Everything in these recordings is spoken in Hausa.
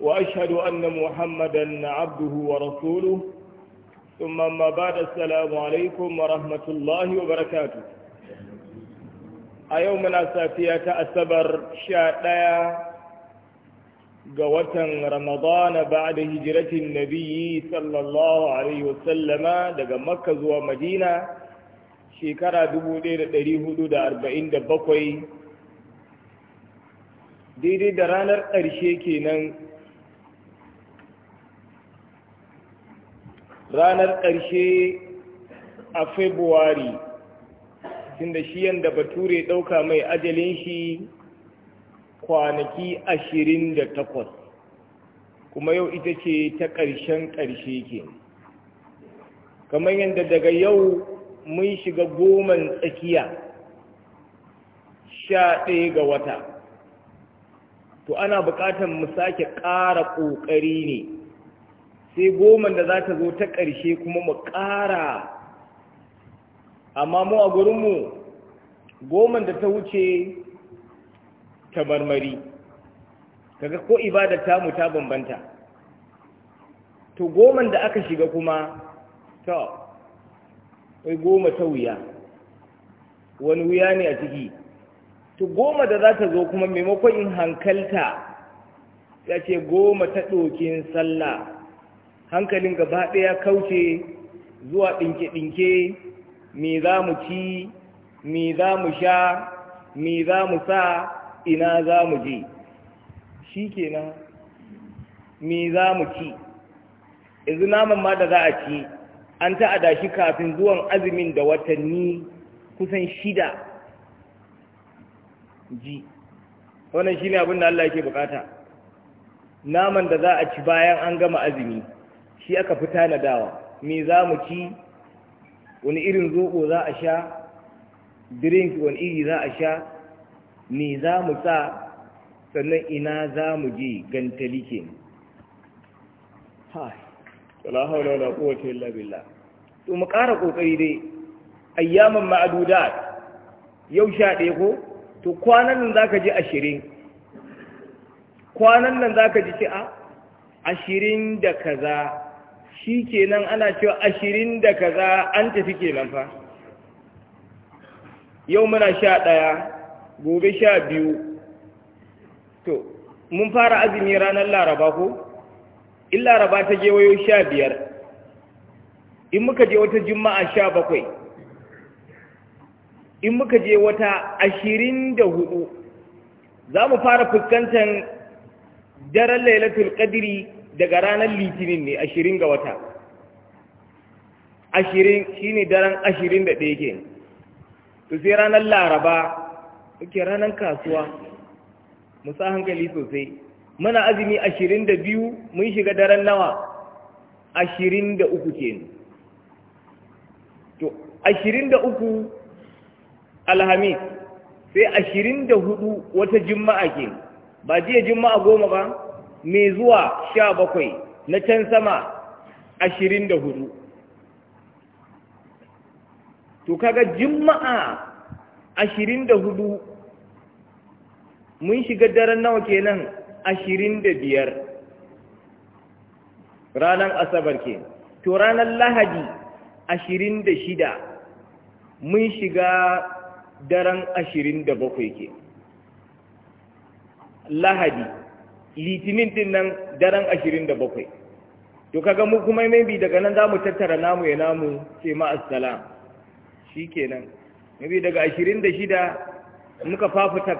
وأشهد أن محمدا عبده ورسوله ثم ما بعد السلام عليكم ورحمة الله وبركاته أيومنا سافية أسبر شاء ga watan ramadana ba da hijiratin nabi sallallahu alaihi daga makka zuwa madina shekara bakwai. daidai da ranar ƙarshe kenan ranar ƙarshe a Fabrairu tunda shi yadda bature ɗauka mai ajalin shi kwanaki ashirin da takwas kuma yau ita ce ta ƙarshen ƙarshe ke kamar yadda daga yau mun shiga goman tsakiya sha ɗaya ga wata to ana buƙatar mu sake ƙara ƙoƙari ne sai goma da za ta zo ta ƙarshe kuma mu ƙara amma mu a gurinmu goma da ta wuce ta marmari kaga ko ibada ta mu ta bambanta to goma da aka shiga kuma to wai goma ta wuya wani wuya ne a ciki to goma da za ta zo kuma maimakon in hankalta ya ce goma ta ɗokin sallah hankalin gaba ɗaya kauce zuwa ɗinke-ɗinke me za mu ci me za mu sha me za mu sa ina za mu je shi kenan me za mu ci yanzu naman ma da za a ci an ta'ada shi kafin zuwan azumin da watanni kusan shida ji wannan shi ne abin da Allah yake bukata naman da za a ci bayan an gama azumi shi aka fi tanadawa me za mu ci wani irin zoɓo za a sha drink wani iri za a sha me za mu sa sannan ina za mu je gantali ke ha wala haula wala quwwata illa billah to mu ƙara ƙoƙari dai ayyaman ma'adudat yau sha ɗaya ko to kwanan nan zaka ji ashirin kwanan nan zaka ji ci a ashirin da kaza shi kenan ana cewa ashirin da kaza an tafi kenan fa yau muna sha ɗaya gobe sha biyu to mun fara azumi ranar laraba ko in laraba ta je wayo sha biyar in muka je wata juma'a sha bakwai in muka je wata ashirin da hudu za mu fara fuskantar daren lailatul ƙadiri daga ranar litinin ne ashirin ga wata ashirin shi ne daren ashirin da ɗaya ke to sai ranar laraba ake ranar kasuwa musa hankali sosai muna azumi ashirin da biyu mun shiga daren nawa ashirin da uku ke to ashirin da uku alhamis sai ashirin da hudu wata jima'a ke ba jiya jima'a goma ba mai zuwa sha bakwai na can sama ashirin da hudu to kaga juma'a ashirin da hudu mun shiga daren nawa kenan ashirin da biyar ranar asabar ke to ranar lahadi ashirin da shida mun shiga daren ashirin da bakwai ke lahadi litinin din nan daren ashirin da bakwai to kaga mu kuma maybe daga nan za mu tattara namu ya namu ce ma'asala. shi kenan maybe daga ashirin da shida muka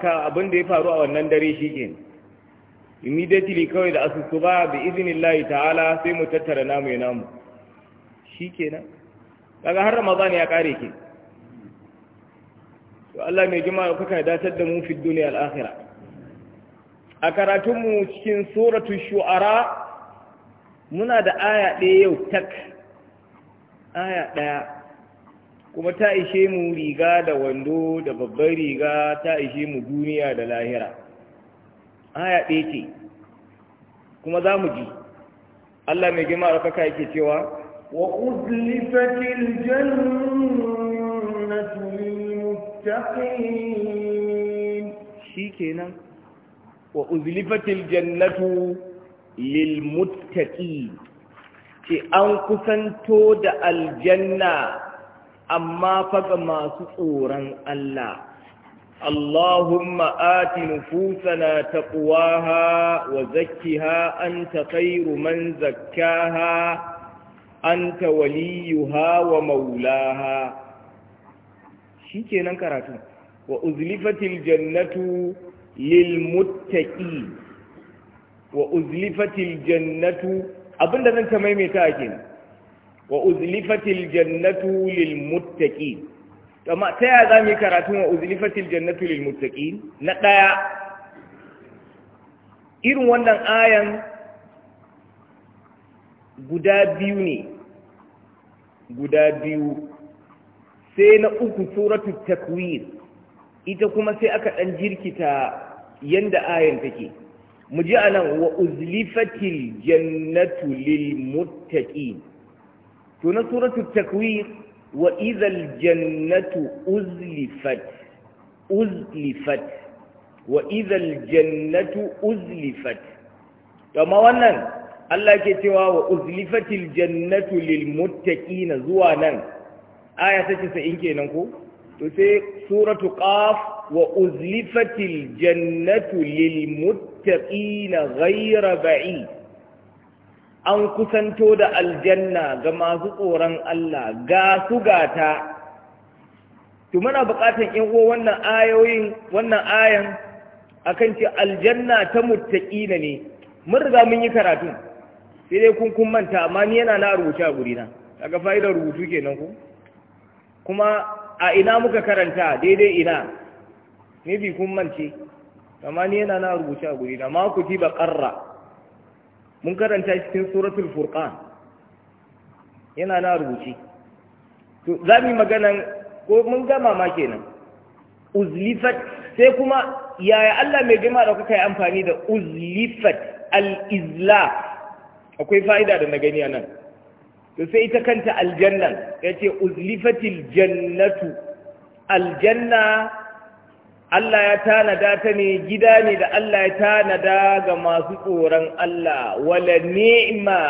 ka abin da ya faru a wannan dare shi kenan immediately kawai da asusu ba bi izinillahi ta'ala sai mu tattara namu ya namu shi kenan daga har ramadan ya kare ke to Allah mai jima'a kuka datar da mu fi duniya al'akhirah a karatunmu cikin suratu shu'ara muna da aya ɗaya yau tak aya ɗaya kuma ta ishe mu riga da wando da babbar riga ta ishe mu duniya da lahira aya ɗaya ce kuma za mu ji Allah mai girma da kaka yake cewa wa uzlifatil jannatu lil muttaqin shikenan وأزلفت الجنة للمتقين Ki an kusanto da aljanna amma faga masu tsoron Allah, Allahumma ati nufusana taquwaha wa zakkiha anta khairu man zakkaha anta waliyuha wa maulaha. Shi ke nan karatu, wa uzlifatil jannatu lilmuttaqi wa uzlifatil jannatu abinda zan ta maimaita ake wa uzlifatil jannatu lilmuttaqi amma ta yaya zamu yi karatu wa uzlifatil jannatu lilmuttaqi na daya irin wannan ayan guda biyu ne guda biyu sai na uku suratu takwir ita kuma sai aka ɗan jirkita yanda ayan take mu ji anan wa uzlifatil jannatu lil muttaqin to na suratul takwir wa idhal jannatu uzlifat uzlifat wa idhal jannatu uzlifat to ma wannan Allah ke cewa wa uzlifatil jannatu lil muttaqin zuwa nan aya ta in kenan ko to sai suratu qaf wa uzlifatil jannatu lil muttaqina an kusanto da aljanna ga masu tsoron Allah ga su gata to muna buƙatar in uwa wannan ayoyin wannan ayan akan ce aljanna ta muttaqina ne mun riga mun yi karatu sai dai kun kun manta amma ni yana na rubuta a gurina kaga fa'idar rubutu kenan ku kuma a ina muka karanta daidai ina maybe kun mance amma ni yana na rubuce a guri na ma ku ji ba qarra mun karanta cikin suratul furqan yana na rubuce to za mu maganan ko mun gama ma kenan uzlifat sai kuma yaya Allah mai girma da kuka yi amfani da uzlifat al izla akwai fa'ida da na gani a nan to sai ita kanta aljannan yace ce uzlifatil jannatu aljanna Allah ya tanada ta ne gida ne da Allah ya tanada ga masu tsoron Allah wala ni'ma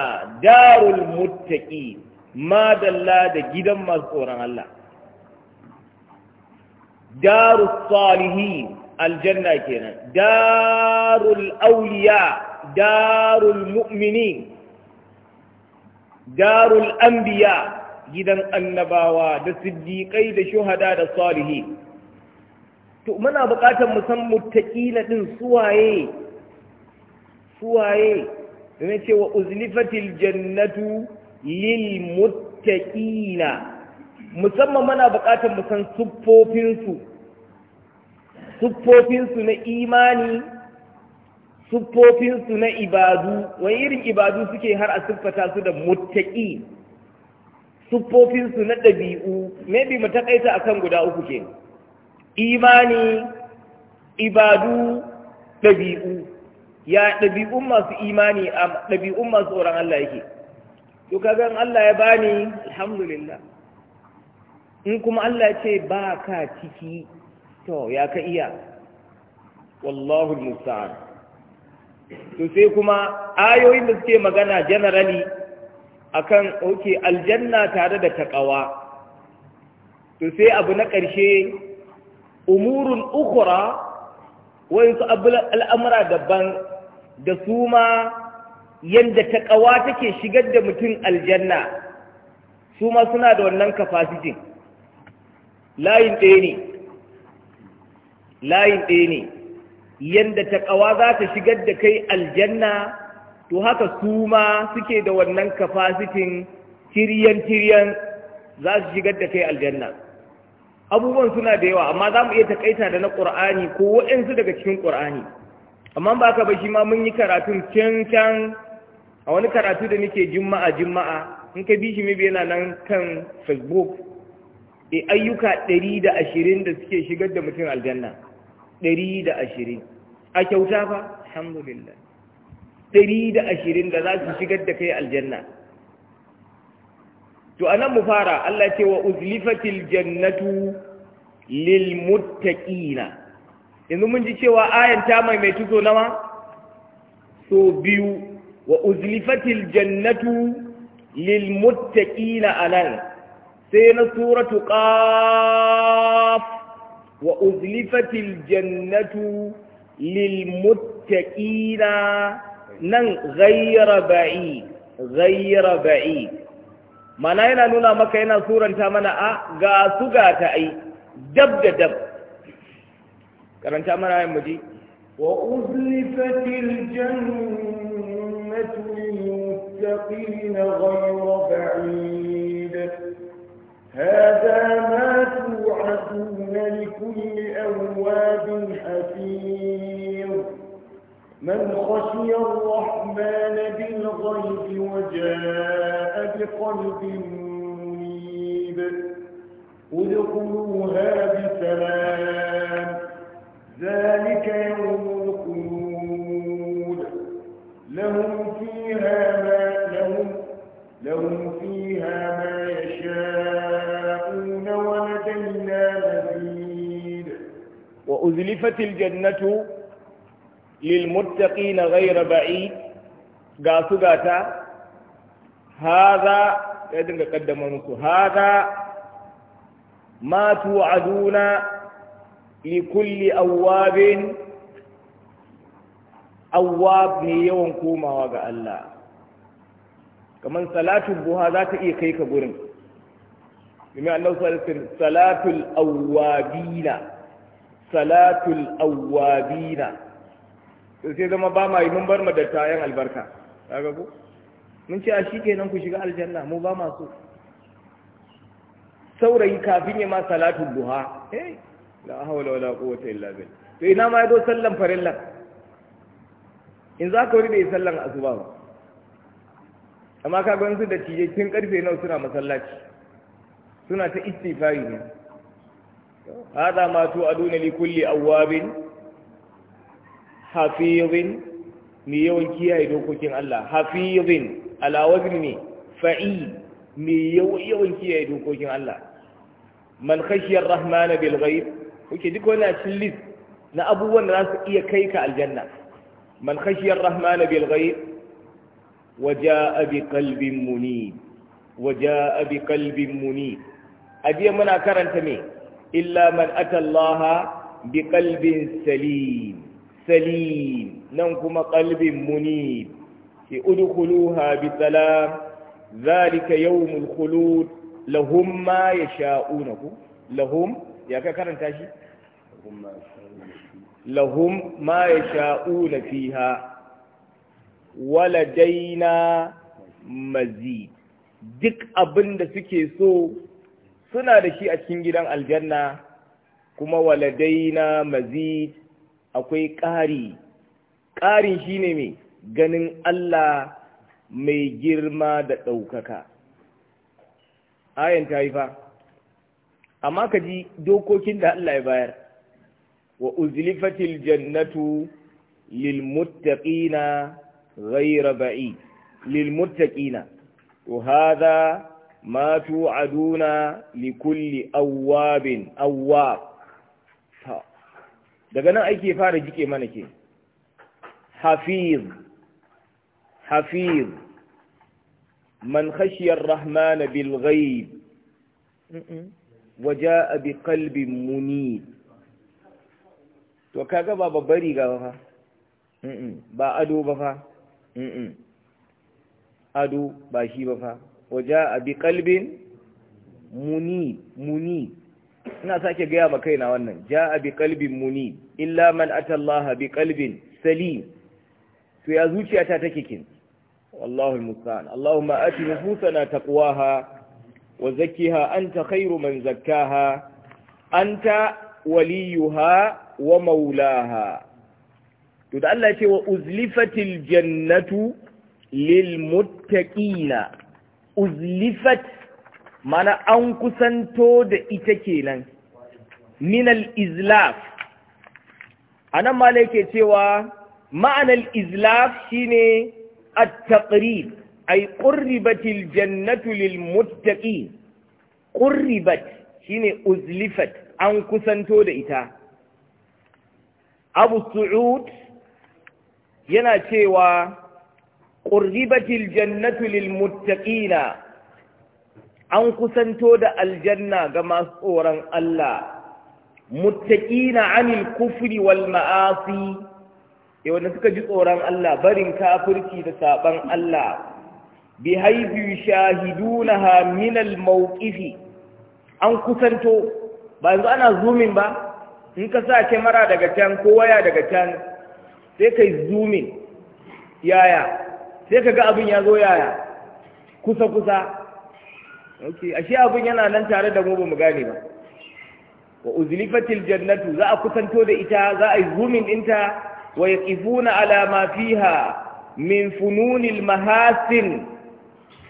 darul muttaqi madalla da gidan masu tsoron Allah darus salihin aljanna kenan darul awliya darul mu'minin darul anbiya gidan annabawa da siddiqai da shuhada da salihin to muna buƙatar mu san muttaqina din suwaye suwaye domin cewa uzlifatil jannatu lil muttaqina musamman muna buƙatar mu san siffofinsu siffofinsu na imani siffofinsu na ibadu wani irin ibadu suke har a siffata su da muttaqi siffofinsu na ɗabi'u maybe mu taƙaita akan guda uku kenan imani ibadu ɗabi'u ya ɗabi'un masu imani a ɗabi'un masu tsoron Allah yake to kaga in Allah ya bani alhamdulillah in kuma Allah ce ba ka ciki to ya ka iya wallahu musta'an to sai kuma ayoyin da suke magana generally akan oke aljanna tare da takawa to sai abu na ƙarshe umurun ukura wayansu al'amura daban da su ma yadda ta ƙawa take shigar da mutum aljanna su ma suna da wannan kafasitin layin ɗaya ne layin ɗaya ne yadda ta ƙawa za ta shigar da kai aljanna to haka su ma suke da wannan kafasitin tiriyan-tiriyan za su shigar da kai aljanna abubuwan suna da yawa amma za mu iya takaita da na ƙur'ani ko waɗansu daga cikin ƙur'ani amma ba ka ba shi ma mun yi karatun can can a wani karatu da nake jimma'a-jimma'a. in ka bi shi mabi yana nan kan facebook e ayyuka ɗari da ashirin da suke shigar da mutum aljanna ɗari da ashirin a kyauta fa alhamdulillah ɗari da ashirin da za su shigar da kai aljanna to anan mu fara Allah ce wa uzlifatil jannatu lil muttaqina yanzu mun ji cewa ayan ta mai mai tuso nawa so biyu wa uzlifatil jannatu lil muttaqina anan sai na suratu qaf wa uzlifatil jannatu lil muttaqina nan ghayra ba'id ghayra ba'id mana yana nuna maka yana suranta mana a ga su ga ta ai dab da dab karanta mana ayin muji wa uzlifatil jannatu lil-muttaqin ghayra ba'id hadha ma tu'aduna likulli awabin hafiz من خشي الرحمن بالغيب وجاء بقلب منيب ادخلوها بسلام ذلك يوم الخلود لهم فيها ما لهم لهم فيها ما يشاءون ولدينا مزيد وأزلفت الجنة للمتقين غير بعيد ga su gata haza ya dinga kaddama musu haza ma tu'aduna li kulli awwabin ne yawan komawa ga Allah kamar salatun buha za ta iya kai ka gurin kuma Allah sallallahu alaihi salatul awwabina salatul awwabina to sai zama ba ma yi mun bar yan albarka kaga ko mun ce a shikenan ku shiga aljanna mu ba ma so saurayi kafin ya ma salatul duha eh la hawla wala quwwata illa billah to ina ma yado sallan farilla in za ka wuri da sallan asuba ba amma ka gwanzu da tije tun karfe nawa suna masallaci suna ta istifari ne hada ma tu aduna li kulli awabin hafizin mai yawan kiyaye dokokin Allah hafizin ala wazni ne fa'i mai yawan kiyaye dokokin Allah man khashiyar rahmana bil ghaib kuke duk wani a cikin list na abubuwan da za su iya kai ka aljanna man kashiyar rahmana bil Waje waja'a bi qalbin munib waja'a bi qalbin munib ajiya muna karanta ne. illa man ata Allah bi kalbin salim salim nan kuma qalbin munib ki udkhuluha bi salam zalika yawmul khulud lahum ma yasha'una ku lahum ya ka karanta shi lahum ma yasha'una fiha duk abinda suke so suna da shi a cikin gidan aljanna kuma waladaina mazid akwai ƙari ƙarin shi ne mai ganin Allah mai girma da ɗaukaka ayan ta yi fa amma ka ji dokokin da Allah ya bayar wa uzlifatil jannatu lil muttaqina ghayra ba'id lil muttaqina to hadha ma tu'aduna li kulli awwabin awwab daga nan ake fara jike mana ke hafiz hafiz man khashiyar rahmana bil ghaib waja bi qalbin muni. to kaga ba babbar riga ba fa ba ado ba fa ado ba shi ba fa waja bi qalbin muni. munib ina sake gaya ma kaina wannan ja'a bi qalbin muni illa man atallaha bi qalbin salim to ya zuciyata take kin wallahi musta'an allahumma ati nufusana taqwaha wa zakkiha anta khairu man zakkaha anta waliyuha wa maulaha to da Allah ya ce wa uzlifatil jannatu lil muttaqina uzlifat mana an kusanto da ita kenan minal izlaf anan mala yake cewa ma'anal izlaf shine at-taqrib ay qurribatil jannatu lil muttaqin qurribat shine uzlifat an kusanto da ita abu su'ud yana cewa qurribatil jannatu lil muttaqina an kusanto da aljanna ga masu tsoron Allah muttaqina anil kufri wal ma'asi eh wanda suka ji tsoron Allah barin kafirci da saban Allah bi haifi shahidunaha min al mawqifi an kusanto ba yanzu ana zoomin ba in ka sa kyamara daga can ko waya daga can sai kai zoomin yaya sai ka ga abin ya zo yaya kusa kusa okay ashe abin yana nan tare da mu ba mu gane ba wa uzlifatil jannatu za a kusanto da ita za a yi zumin dinta wa yaqifuna ala ma fiha min fununil mahasin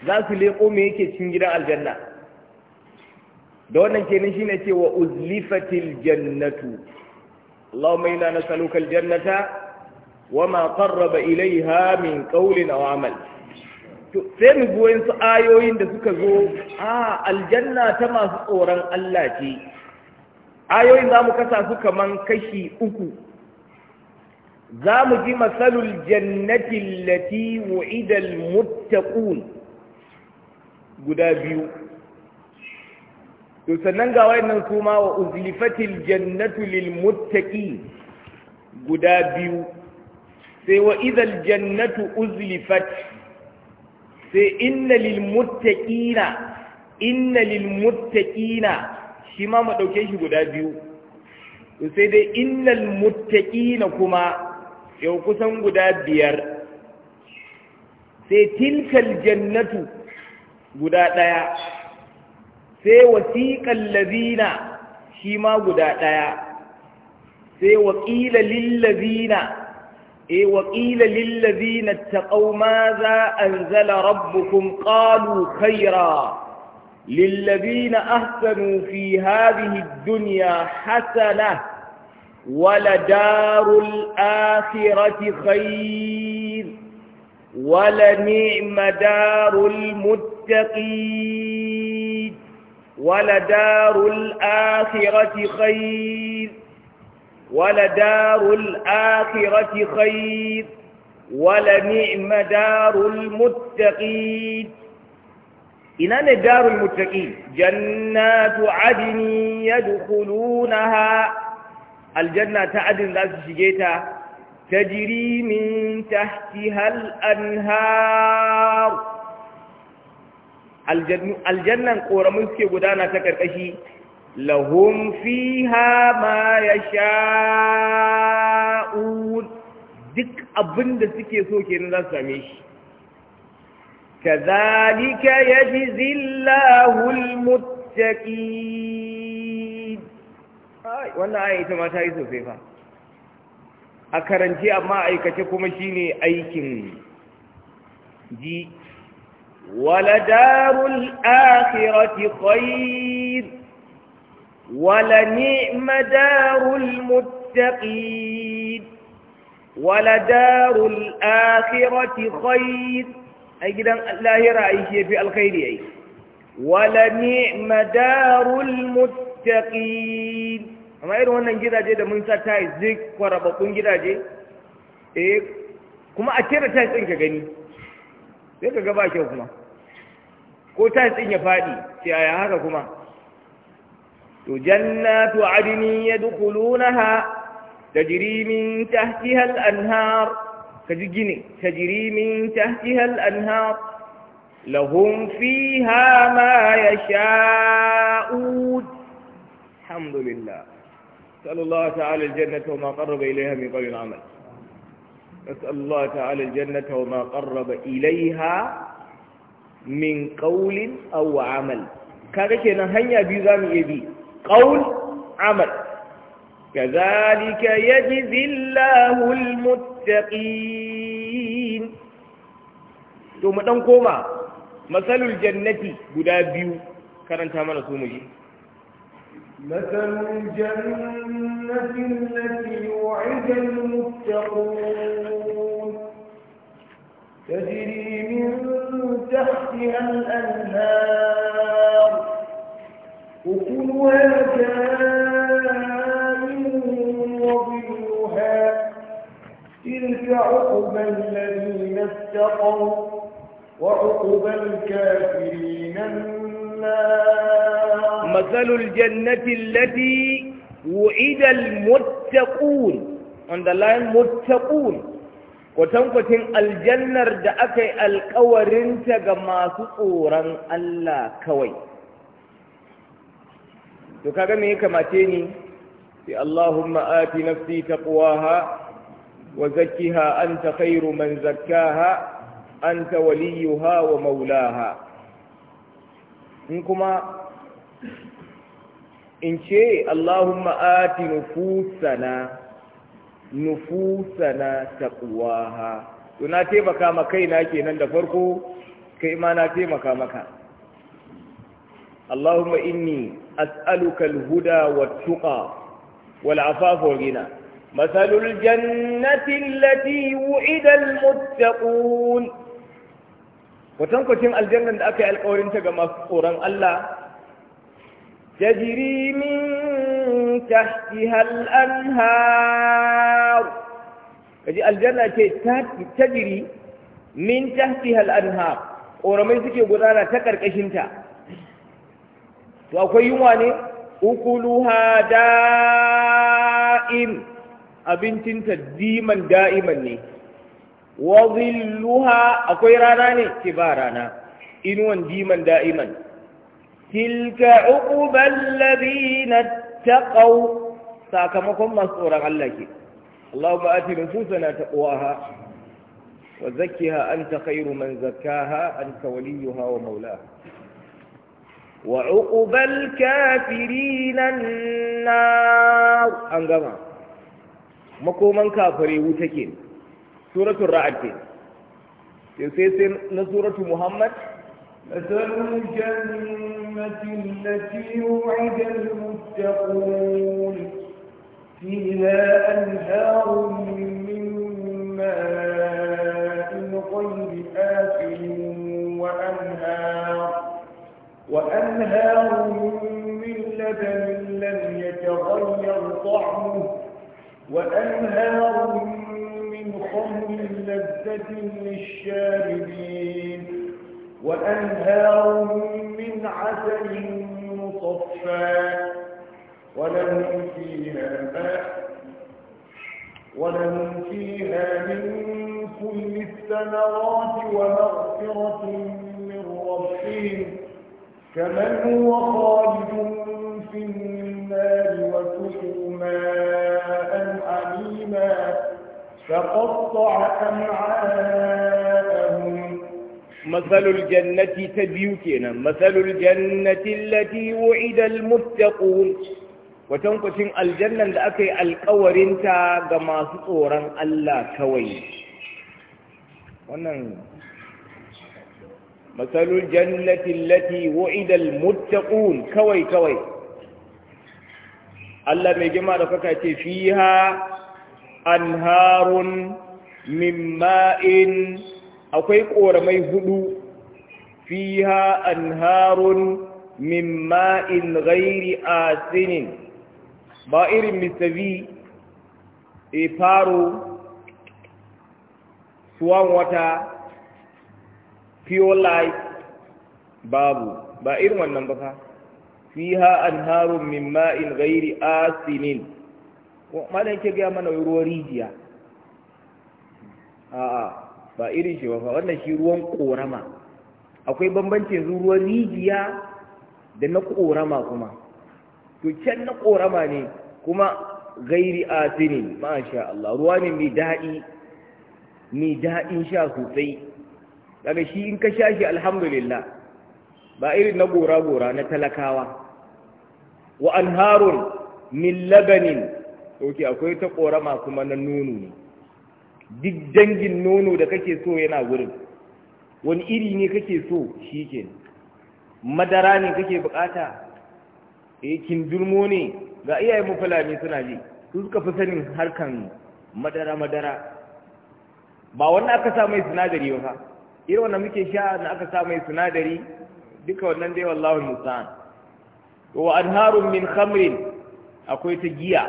za su leko me yake cikin gidan aljanna da wannan kenan shine ce wa uzlifatil jannatu Allahumma inna nas'aluka al-jannata wa ma qarraba ilayha min qawlin aw amal sai mu bi su ayoyin da suka zo a aljanna ta masu tsoron Allah ce ayoyin za mu kasa su kaman kashi uku za mu ji masalul jannati lati wu'idal muttaqun guda biyu to sannan ga wayannan kuma wa uzlifatil jannatu lil guda biyu sai wa idal jannatu uzlifat sai inna lil inna lil shi ma mu dauke shi guda biyu sai dai innal muttaqina kuma yau kusan guda biyar sai tilkal jannatu guda ɗaya sai wasiƙan lazina shi ma guda ɗaya sai waƙila lillazina إيه وقيل للذين اتقوا ماذا أنزل ربكم قالوا خيرا للذين أحسنوا في هذه الدنيا حسنة ولدار الآخرة خير ولنعم دار المتقين ولدار الآخرة خير ولدار الآخرة خير ولنعم دار المتقين إن دار المتقين جنات عدن يدخلونها الجنة عدن لا تشجيتها تجري من تحتها الأنهار الجنة الجنة قرمسك ودانا تكركشي lahum fiha ma yasha'un duk abinda suke so nan za su same shi kazalika yajzi Allahu ai wannan ayi ita ma ta yi sosai fa a karance amma aikace kuma shine aikin ji waladarul akhirati khair ولنعم دار المتقين ولدار الآخرة خير أي جدا لا يرى شيء في الخير أي ولنعم دار المتقين amma irin wannan gidaje da mun sa tiles duk kwarababbun gidaje eh kuma a kera tiles ɗin ka gani sai ka ga kyau kuma ko ɗin ya faɗi sai a haka kuma جنات عدن يدخلونها تجري من تحتها الأنهار تجري من تحتها الأنهار لهم فيها ما يشاءون الحمد لله نسأل الله تعالى الجنة وما قرب إليها من قول العمل نسأل الله تعالى الجنة وما قرب إليها من قول أو عمل كذا كنا هيا بيزام qawl amal kazalika yajzi Allahu almuttaqin to mu dan koma masalul jannati guda biyu karanta mana su mu ji مثل الجنة التي وعد المتقون تجري من تحتها الأنهار أكلها تلك الذين اتقوا وعقب الكافرين النار مثل الجنة التي وعد المتقون عند الله المتقون kwatankwacin الجنة da القورن تجمع alkawarinta الله masu to kaga me ya kamace ni sai Allahumma ati nafsi taqwaha wa zakkiha anta khairu man zakkaha anta waliyuha wa maulaha in kuma in ce Allahumma ati nufusana nufusana taqwaha to na taimaka ma kaina kenan da farko kai ma na taimaka maka Allahumma inni أسألك الهدى والتقى والعفاف والغنى مثل الجنة التي وعد المتقون وتنقشن الجنة أكي القورين تقام أفقورا الله تجري من تحتها الأنهار الجنة تجري من تحتها الأنهار ورمي سكي قدانا تكر كشنتا to akwai yunwa ne ukuluha da'im abincin ta diman da'iman ne wa akwai rana ne ce ba rana inuwan diman da'iman tilka uqubal ladina taqaw sakamakon masu tsoron Allah ke Allahumma ati nufusana taqwaha wa zakkiha anta khairu man zakkaha anta waliyuha wa maulaha وعقب الكافرين النار أنقما مكوما كافر وتكين سورة الرعد سيسن سورة محمد مثل الجنة التي يوعد المتقون فيها أنهار من ماء غير وأنهار من لبن لم يتغير طعمه وأنهار من خمر لذة للشاربين وأنهار من عسل مصفى ولهم فيها ماء ولهم فيها من كل الثمرات ومغفرة من ربهم كمن هو خالد في النار وسقوا ماء حميما فقطع أمعاءهم مثل الجنة تبيوتنا مثل الجنة التي وعد المتقون وتنقسم الجنة da aka yi alkawarinta ga masu tsoron Allah masalul jannati allati wu'ida almuttaqun kawai kawai Allah mai jima da kaka ce fiha anharun min ma'in akwai ƙoramai hudu fiha anharun mimma'in, gairi a asinin ba irin mistavi e faro suwan wata pure life babu ba irin wannan ba fa fiha anharu min ma'in ghairi asinin malan ke ga mana ruwan rijiya a'a ba irin shi ba fa wannan shi ruwan korama akwai bambanci yanzu ruwan rijiya da na korama kuma to can na korama ne kuma ghairi asinin masha Allah ruwa ne mai daɗi mai daɗin sha sosai kaga shi in ka sha shi alhamdulillah ba irin na gora-gora na talakawa wa anharun min labanin ok akwai ta korama kuma na nono ne duk dangin nono da kake so yana wurin wani iri ne kake so shi ke madara ne kake bukata eh kindurmo ne ga iyaye mu fulani suna ji su suka fi sanin harkan madara madara ba wannan aka sa mai sinadari ba irin wannan muke sha na aka sa mai sinadari duka wannan dai wallahi musa'an wa anharun min khamrin akwai ta giya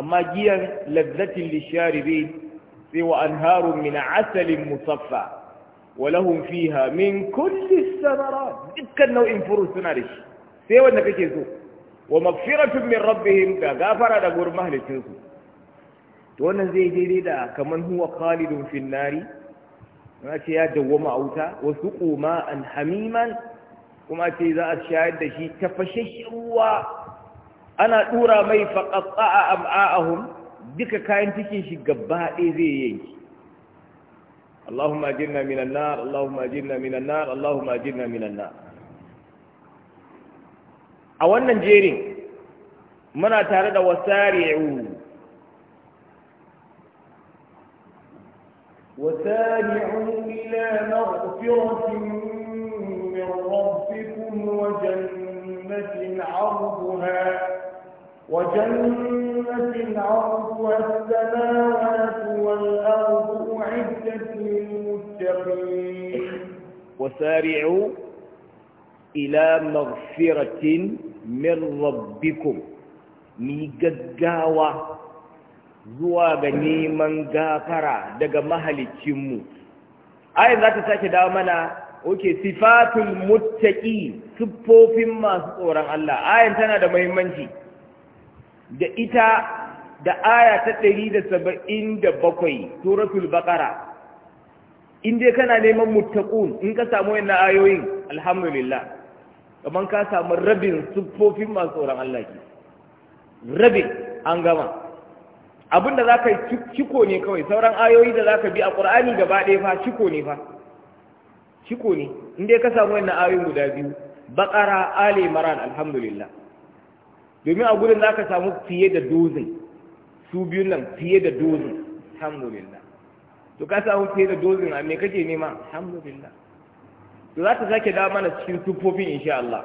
amma giyan lazzatin lisharibin sai wa anharun min asalin musaffa walahun fiha min kulli samara dukkan nau'in furu suna da shi sai wanda kake so wa magfiratun min rabbihim ga gafara da gurin mahalicinsu to wannan zai daidai da kamar huwa khalidun finnari na ce ya dawwama a wuta wasu koma an hamiman kuma ce za a shayar da shi tafashashen ruwa ana ɗura mai faƙaƙa a am'a'ahum duka kayan cikin shi gaba ɗaya zai yanki allahumma أجرنا من النار اللهم أجرنا من النار اللهم أجرنا من النار a wannan jerin muna tare da wasari'u وسارعوا إلى مغفرة من ربكم وجنة عرضها وجنة عرضها السماوات والأرض أعدت للمتقين وسارعوا إلى مغفرة من ربكم ميقاوا zuwa ga neman gafara daga mahalicinmu ayin za ta sake dawo mana oke sifatul muttaqi siffofin masu tsoron Allah ayin tana da mahimmanci. da ita da aya ta ɗari 177 suratul baqara in dai kana neman muttaqun in ka samu wannan ayoyin alhamdulillah kaman ka samu rabin siffofin masu tsoron Allah ki rabin an gama abin da za ka yi ciko ne kawai sauran ayoyi da za ka bi a ƙur'ani gaba ɗaya fa ciko ne fa ciko ne inda ka samu wannan ayoyin guda biyu baƙara ali maran alhamdulillah domin a gudun za ka samu fiye da dozin su biyun nan fiye da dozin alhamdulillah to ka samu fiye da dozin a me kake nema alhamdulillah to za ta sake dawo mana cikin sufofin insha Allah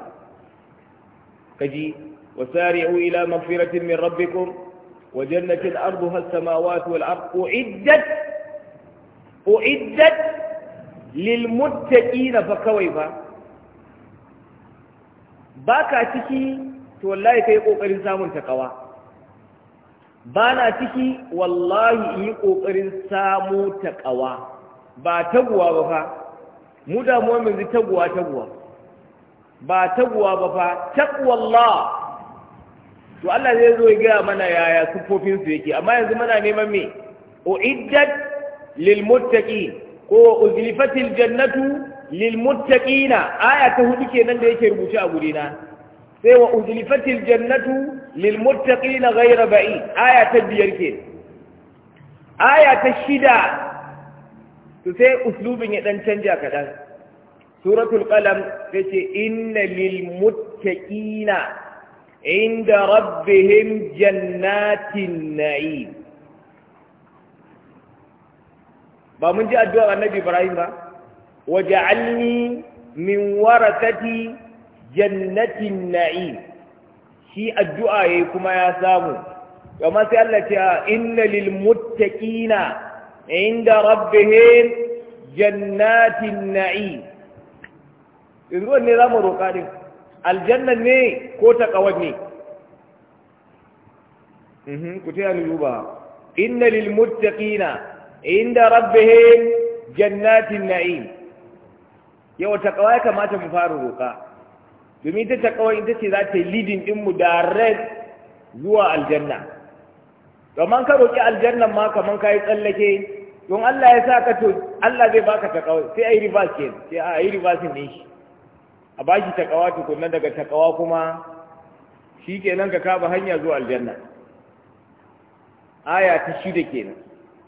kaji wasari'u ila magfiratin min rabbikum وجنة أرضها السماوات والأرض أعدت أعدت للمتقين فكويفا باكا تشي والله كي قوقرين سامن تقوى بانا تشي والله يي قوقرين سامو تقوى با تقوى بفا مو مؤمن ذي تقوى تقوى با تقوى بفا تقوى الله to Allah zai zo ya gaya mana yaya sufofin su yake amma yanzu muna neman me uiddat lil muttaqin ko uzlifatil jannatu lil muttaqina aya ta hudu kenan da yake rubuce a gurina sai wa uzlifatil jannatu lil muttaqina ghayra ba'id aya ta biyar ke aya ta shida to sai uslubin ya dan canja kadan suratul qalam sai ce inna lil muttaqina inda rabbihim jannatin na'im ba mun ji addu'ar annabi ibrahim ba waj'alni min waratati jannatin na'im shi addu'a yayi kuma ya samu amma sai Allah ce inna lil muttaqina inda rabbihim jannatin na'im yanzu ne zamu roƙa Aljanna ne ko taƙawar ne mhm, ku ce ni duba inna lil muttaqina inda rabbihim jannatin na'im yawa taƙawa ya kamata mu fara roƙa domin ita ta taƙawa ita ce za ta yi leading din mu direct zuwa aljanna kamar ka roƙi aljanna ma kamar ka yi tsallake don Allah ya sa ka to Allah zai baka taƙawa sai a reverse ke sai a yi reversing ne shi a baki takawa tukunna daga takawa kuma shi kenan ka kaba hanya zuwa aljanna aya ta shida kenan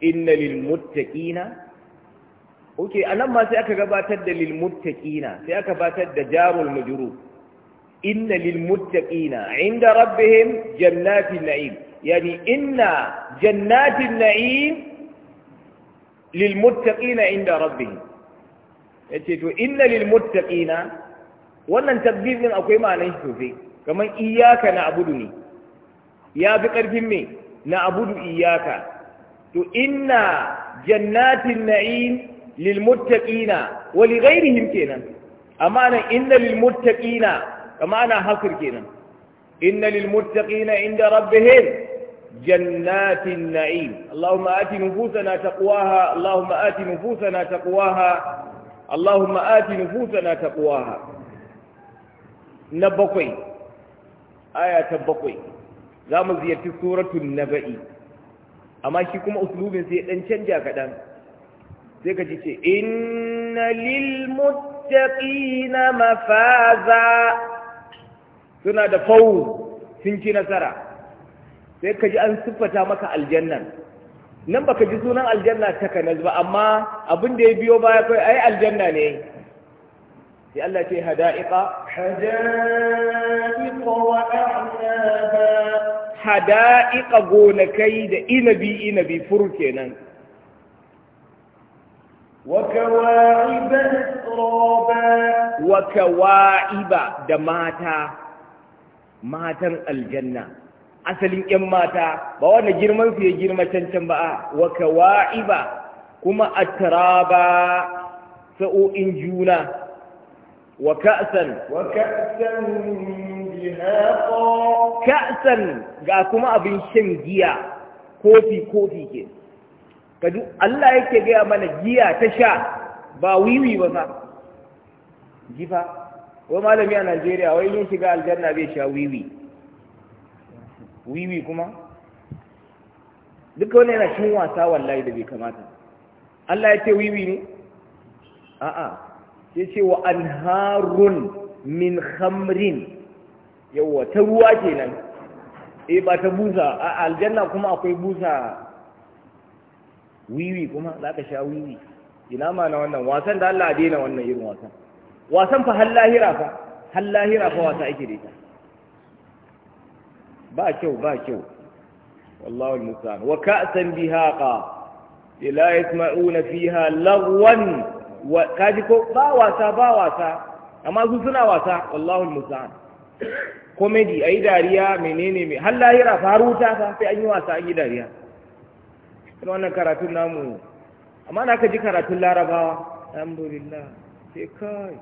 inna lil muttaqina okay anan ma sai aka gabatar da lil muttaqina sai aka gabatar da jarul majrur inna lil muttaqina inda rabbihim jannatin na'im yani inna jannatin na'im lil muttaqina inda rabbihim yace to inna lil muttaqina wannan tasbih din akwai ma'anar shi sosai kamar iyaka na abudu ne ya fi ƙarfin me na abudu iyaka to inna jannatin na'im lil muttaqina wa li ghairihim kenan amma nan inna lil muttaqina kama ana hasir kenan inna lil muttaqina inda rabbihim جنات النعيم اللهم آت نفوسنا تقواها اللهم آت نفوسنا تقواها اللهم آت نفوسنا تقواها na bakwai aya ta bakwai za mu ziyarci suratun na ba'i. amma shi kuma usulubin sai dan canja kaɗan sai ka ji ce inna lil muttaqina mafaza suna da fawu sun ci nasara sai ka ji an siffata maka aljannan nan baka ji sunan aljanna ta kanas ba amma abin da ya biyo baya kai ai aljanna ne sai Allah ce hada'iqa hada'iqa wa a'naba hada'iqa gonakai da inabi inabi furu kenan wa kawa'iba roba wa kawa'iba da mata matan aljanna asalin ƴan mata ba wanda girman su ya girma cancan ba wa kawa'iba kuma atraba sa'o'in juna وكأسا وكأسا دهاقا كأسا قاكما أبن شنجيا كوفي كوفي كين كدو الله يكي من جيا تشا باويوي وما جيفا وما لم يانا نيجيريا وين شيغا الجنة بيشا ويوي wiwi kuma duka wani yana cin wasa wallahi da bai kamata Allah ya ce wiwi ne a'a yace wa an harun min hamrin yawa ta ruwa kenan E ba ta busa a aljanna kuma akwai busa wiwi kuma za ka sha wiwi ina ma na wannan wasan da Allah daina wannan irin wasan wasan fa har lahira fa har lahira fa wasa ake da ita ba kyau ba kyau والله المستعان وكأسا بهاقا لا يسمعون فيها لغوا kaji ko ba wasa ba wasa amma su suna wasa wallahu musta'an comedy ayi dariya menene me har lahira faru ta wuta fa sai an yi wasa an yi dariya kuma wannan karatun namu amma na ka ji karatun larabawa alhamdulillah sai kai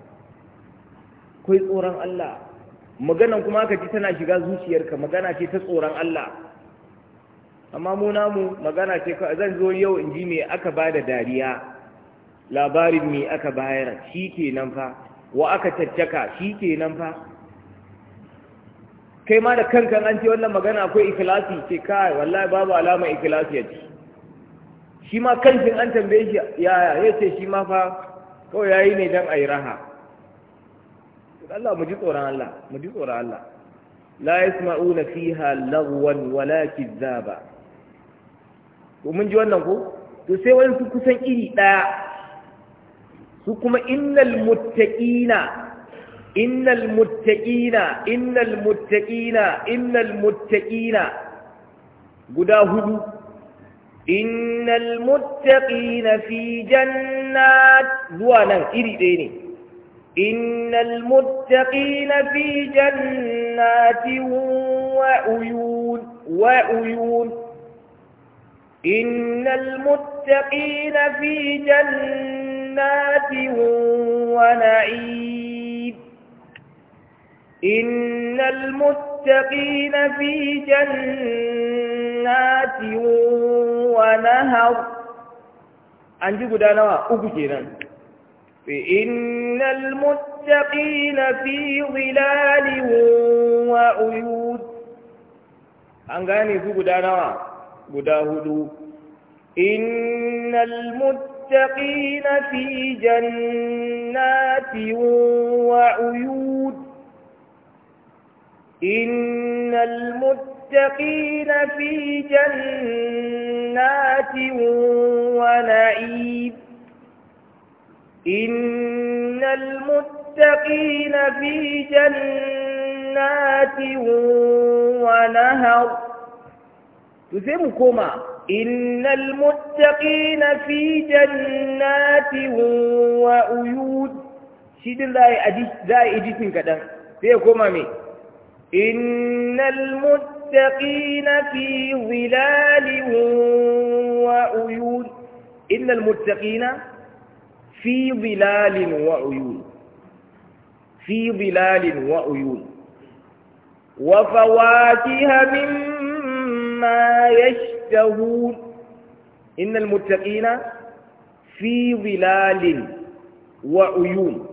kai tsoron Allah maganan kuma aka ji tana shiga zuciyarka magana ce ta tsoron Allah amma mu namu magana ce zan zo yau in ji me aka bada dariya labarin me aka bayar shi ke nan fa wa aka caccaka shi ke nan fa kai ma da kankan an ce wannan magana akwai ikilasi ce kai wallahi babu alama ikilasi ya ce shi ma kankin an tambaye shi yaya ya ce shi ma fa kawai yayi ne dan yi raha Allah mu ji tsoron Allah mu ji tsoron Allah la yasma'una fiha lagwan wala kizaba ko mun ji wannan ko to sai wani kusan iri daya su kuma innal muttaqina innal muttaqina innal muttaqina innal muttaqina guda hudu innal muttaqina fi jannat zuwa nan iri ɗaya ne innal muttaqina fi jannatin wa uyun wa uyun إن المتقين في جنة جنات ونعيم إن المتقين في جنات ونهر أنجب دانا أبجينا إن المتقين في ظلال وعيود أنجاني في دانا بداهدو إن المتقين المتقين في جنات وعيون إن المتقين في جنات ونعيم إن المتقين في جنات ونهر تسمكما إن المتقين في جنات وعيود شدن ذا يجيسن كدن سيكوما مي إن المتقين في ظلال وعيود إن المتقين في ظلال وأيود في ظلال وأيود وفواكه مما يشتهي يتقون إن المتقين في ظلال وعيون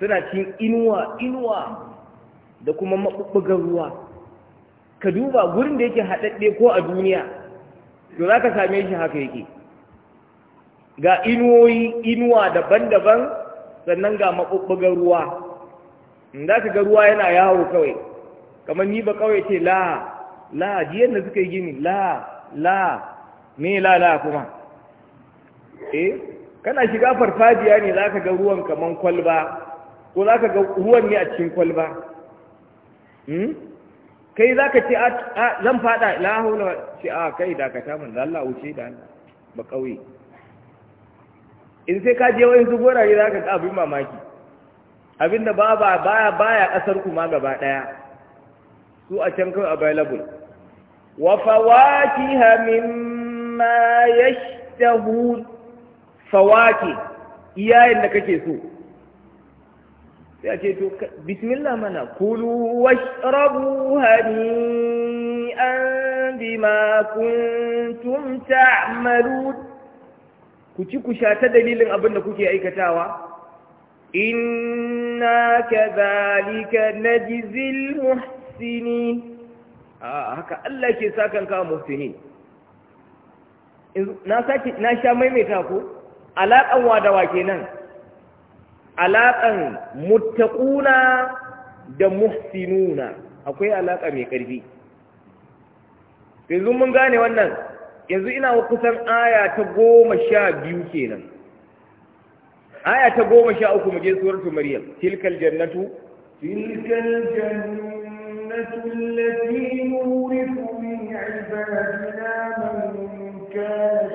suna cikin inuwa inuwa da kuma maɓuɓɓugar ruwa ka duba gurin da yake haɗaɗe ko a duniya to same shi haka ga inuwoyi inuwa daban-daban sannan ga maɓuɓɓugar ruwa inda ka ga ruwa yana yawo kawai kamar ni ba kawai ce la la jiyan da suka yi gini la la me la la kuma eh kana shiga farfajiya ne zaka ga ruwan kaman kwalba ko zaka ga ruwan ne a cikin kwalba hmm kai zaka ce a ah, ah, zan fada la haula ce a ah, kai dakata mun Allah wuce da Allah ba kauye in sai ka je wani su ne zaka ga abin mamaki abinda baba baya baya kasar kuma gaba daya su a can kawai available وفواكه مما يشتهون فواكه إياه إنك كيسو يأتي بسم الله منا كلوا واشربوا هنيئا بما كنتم تعملون كتي كشا تدليل أبنى كتي أي كتاوى إنا كذلك نجزي المحسنين a haka Allah ke sakan kawo muftini na saki na sha maimaita ko alaƙan wadawa kenan alaƙan muttaquna da muhsinuna akwai alaƙa mai ƙarfi yanzu mun gane wannan yanzu ina kusan aya ta goma sha biyu kenan aya ta goma sha uku mu je suratul maryam tilkal jannatu tilkal jannatu الجنة التي نورث من عبادنا من كان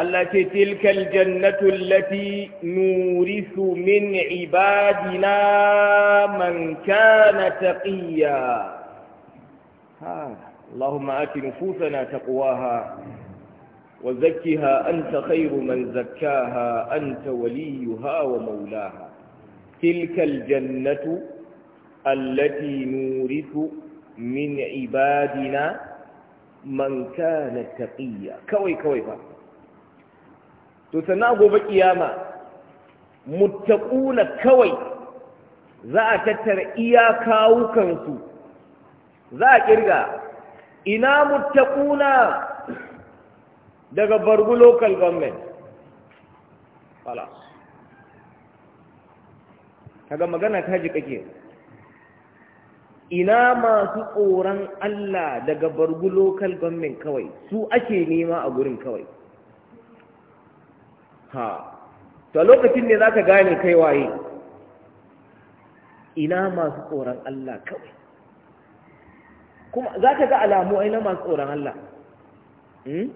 التي تلك الجنة التي نورث من عبادنا من كان تقيا ها. اللهم آت نفوسنا تقواها وزكها أنت خير من زكاها أنت وليها ومولاها تلك الجنة التي نورث min عبادنا من كان تقيا kawai kawai fa to sannan gobe kiyama kawai za a tattara iya kawukansu za a ƙirga ina muttaquna daga bargu local government خلاص kaga magana ta ji kake ina masu tsoron Allah daga bargu local government kawai su ake nema a gurin kawai ha to lokacin ne za ka gane kai waye ina masu tsoron Allah kawai kuma za ka ga alamu ai na masu tsoron Allah hmm?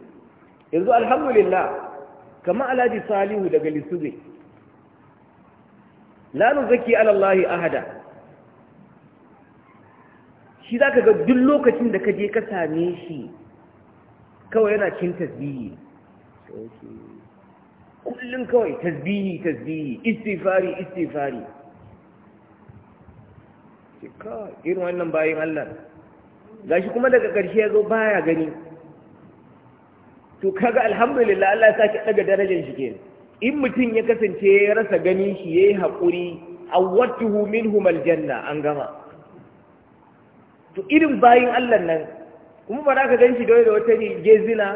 yanzu alhamdulillah kama alhaji salihu daga Lissu la nuzaki zaki Allah ahada shi za ka ga duk lokacin da ka je ka same shi kawai yana cin tasbihi kullum kawai tasbihi tasbihi istifari istifari kawai irin wannan bayan Allah shi kuma daga ƙarshe ya zo baya gani to kaga alhamdulillah Allah ya sake daga darajar shi ke in mutum ya kasance ya rasa ganin shi ya yi haƙuri a awwatuhu minhum aljanna an gama to irin bayin Allah nan kuma ba za ka gan shi da wata zina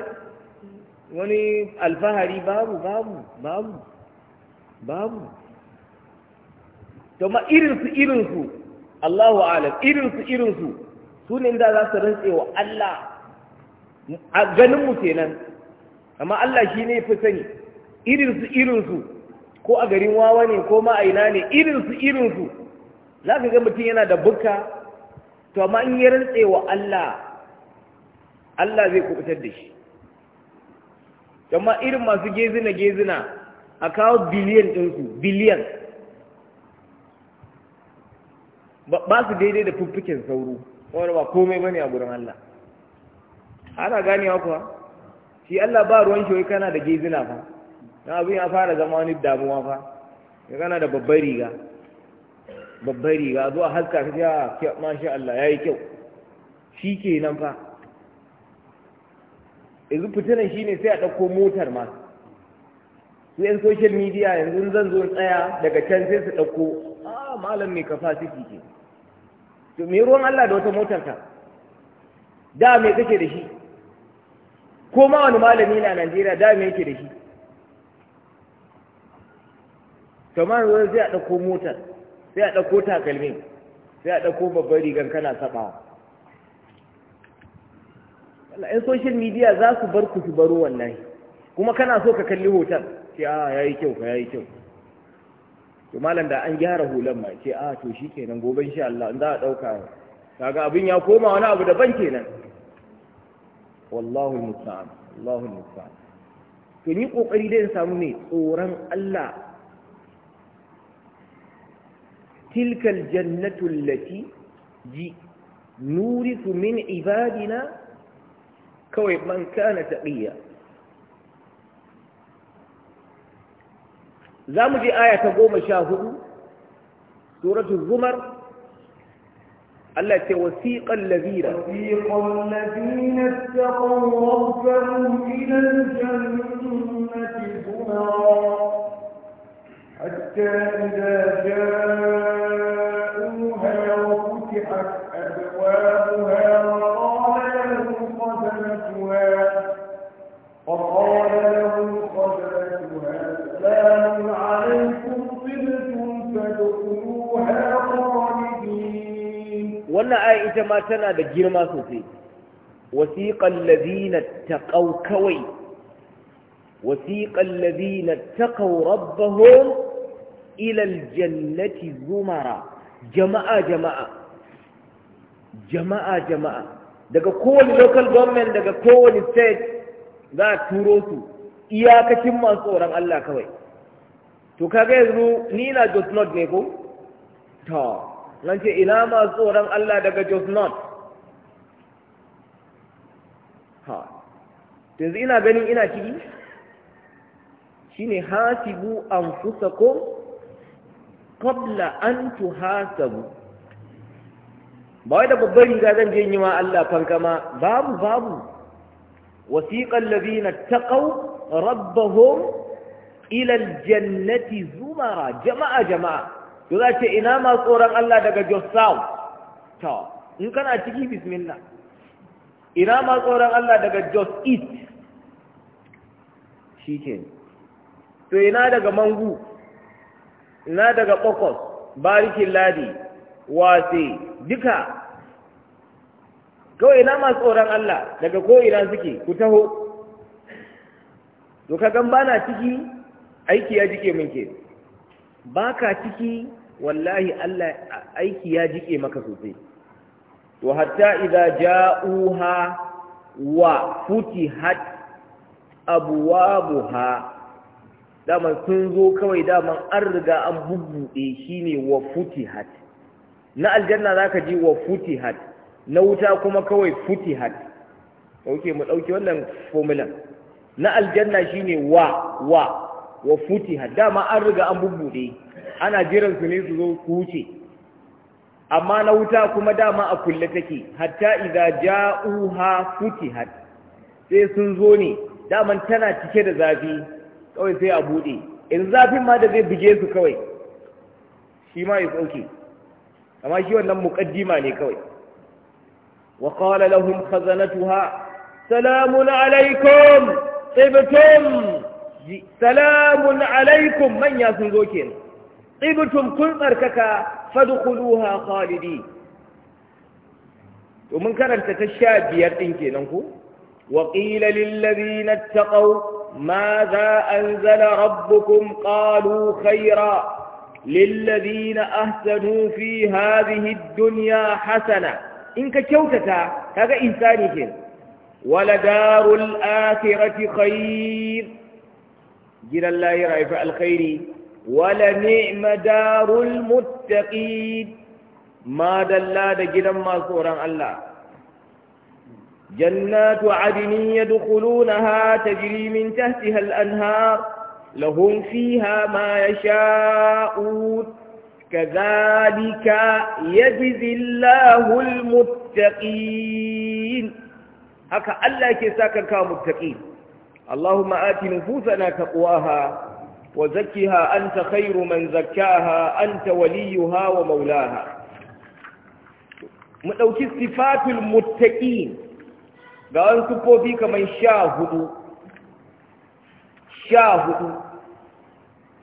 wani alfahari babu babu babu babu to ma irinsu irinsu Allahu alam irinsu irinsu su ne da za su rantse wa Allah a ganin mu kenan amma Allah shi ne fi sani irinsu irinsu ko a garin wawa ne ko ma a ina ne irinsu irinsu za ka ga mutum yana da bukka to amma in ya rantse wa Allah Allah zai kubutar da shi amma irin masu gezina gezina a kawo biliyan ɗinsu biliyan ba su daidai da fuffukin sauro wani ba komai ne a gurin Allah ana ganewa kuwa shi Allah ba ruwan shi kana da gezina fa na abin ya fara zama wani damuwa fa ya kana da babbar riga babbar riga zuwa haska ta jiya a mashi Allah ya yi kyau shi ke nan fa yanzu fitinan shi ne sai a ɗauko motar ma su yan social media yanzu zan zo tsaya daga can sai su ɗauko a malam mai kafa su ke to me ruwan Allah da wata motar ka da me kake da shi ko ma wani malami na Najeriya da me yake da shi kamar yanzu sai a ɗauko motar sai a ɗauko takalmin sai a ɗauko babban rigan kana saɓawa in social media za su bar ku su baro wannan. kuma kana so ka kalli hoton ce a ah, ya yi kyau ka ya yi kyau to malam da an gyara hulan ma ce a ah, to shi kenan gobe insha Allah za a ɗauka kaga abin ya koma wani abu daban kenan wallahu musta'an wallahu musta'an to ni kokari dai in samu ne tsoron Allah تلك الجنة التي جي نورث من عبادنا كوي من كان تقيا زامج آية قوم شاهد سورة الزمر التي وثيق الذين وثيق الذين اتقوا ربهم إلى الجنة زمرا حتى إذا جاءوها وفتحت أبوابها وقال لهم خزنتها وقال لهم خزنتها سلام عليكم طبتم فادخلوها خالدين ولا آية ما تنا بجير ما سوفي وثيق الذين اتقوا كوي وثيق الذين اتقوا ربهم ilal jannati zumara jama'a jama'a jama'a jama'a daga kowane local government daga kowane state za a turo su iyakacin masu tsoron Allah kawai to kaga yanzu ni na Jos North ne ko Ta nan ce ina masu tsoron Allah daga Jos North ha yanzu ina ganin ina ciki shine hasibu anfusakum qabla an tuhasabu ba wai da babban riga zan je yi ma Allah fankama babu babu wasiqal ladina taqaw rabbahum ila aljannati zumara jama'a jama'a to za ce ina ma tsoron Allah daga Jossau to in kana ciki bismillah ina ma tsoron Allah daga Jos East shike to ina daga Mangu na daga ƙwaƙwas barikin ladi wasi duka kawai na masu tsoron Allah daga ko'ina suke ku taho to kagan ba na ciki aiki ya jike min ke ba ka ciki wallahi Allah aiki ya jike maka sosai to hatta idza ja'uha wa futihat abwabuha daman sun zo kawai daman an riga an bubbuɗe shine wa futihat na aljanna zaka ji wa futihat na wuta kuma kawai futihat dauke mu dauki wannan formula na aljanna shine wa wa wa futihat dama an riga an bubbuɗe ana jiran su ne su zo su wuce amma na wuta kuma dama a kulle take hatta idza ja'uha futihat sai sun zo ne daman tana cike da zafi kawai sai a buɗe in zafin ma da zai buge su kawai shi ma ya sauke amma shi wannan muƙaddima ne kawai wa qala lahum khazanatuha salamun alaikum tsibtum salamun alaikum manya sun zo kenan tsibtum kun tsarkaka fadkhuluha khalidi to mun karanta ta sha biyar ɗin kenan ko wa qila lil ladina taqaw ماذا أنزل ربكم قالوا خيرا للذين أحسنوا في هذه الدنيا حسنة إنك كوتتا هذا إنساني كن ولدار الآخرة خير جل الله رعف الخير ولنعم دار المتقين ما دلا دا جدا ما صورا الله جنات عدن يدخلونها تجري من تحتها الأنهار لهم فيها ما يشاءون كذلك يجزي الله المتقين هكا الله كساكا كمتقين اللهم آت نفوسنا تقواها وزكها أنت خير من زكاها أنت وليها ومولاها مدوكي صفات المتقين ga wani tufofi kamar sha hudu sha hudu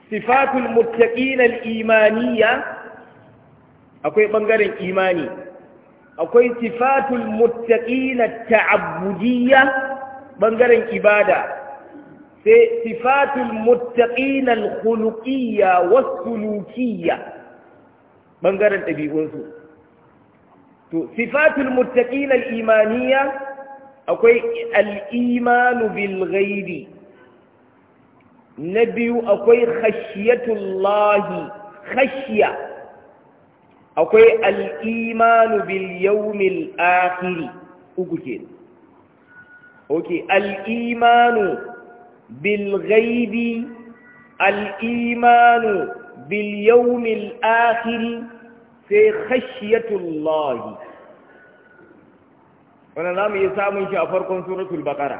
sifatul mutaƙinar imaniya akwai ɓangaren imani akwai sifatul mutaƙinar ta'abbudiyya ɓangaren ibada sai sifatul mutaƙinar hulukiyya wasu lukiyya ɓangaren ɗabi'unsu to sifatul mutaƙinar imaniya akwai al'imanu bil ghaibi na biyu akwai khashiyatullahi khashiya akwai al'imanu bil yawmil akhiri uku ke ok al'imanu bil ghaibi al'imanu bil yawmil akhiri sai khashiyatullahi Wana za mu iya samun shi a farkon suratul baƙara?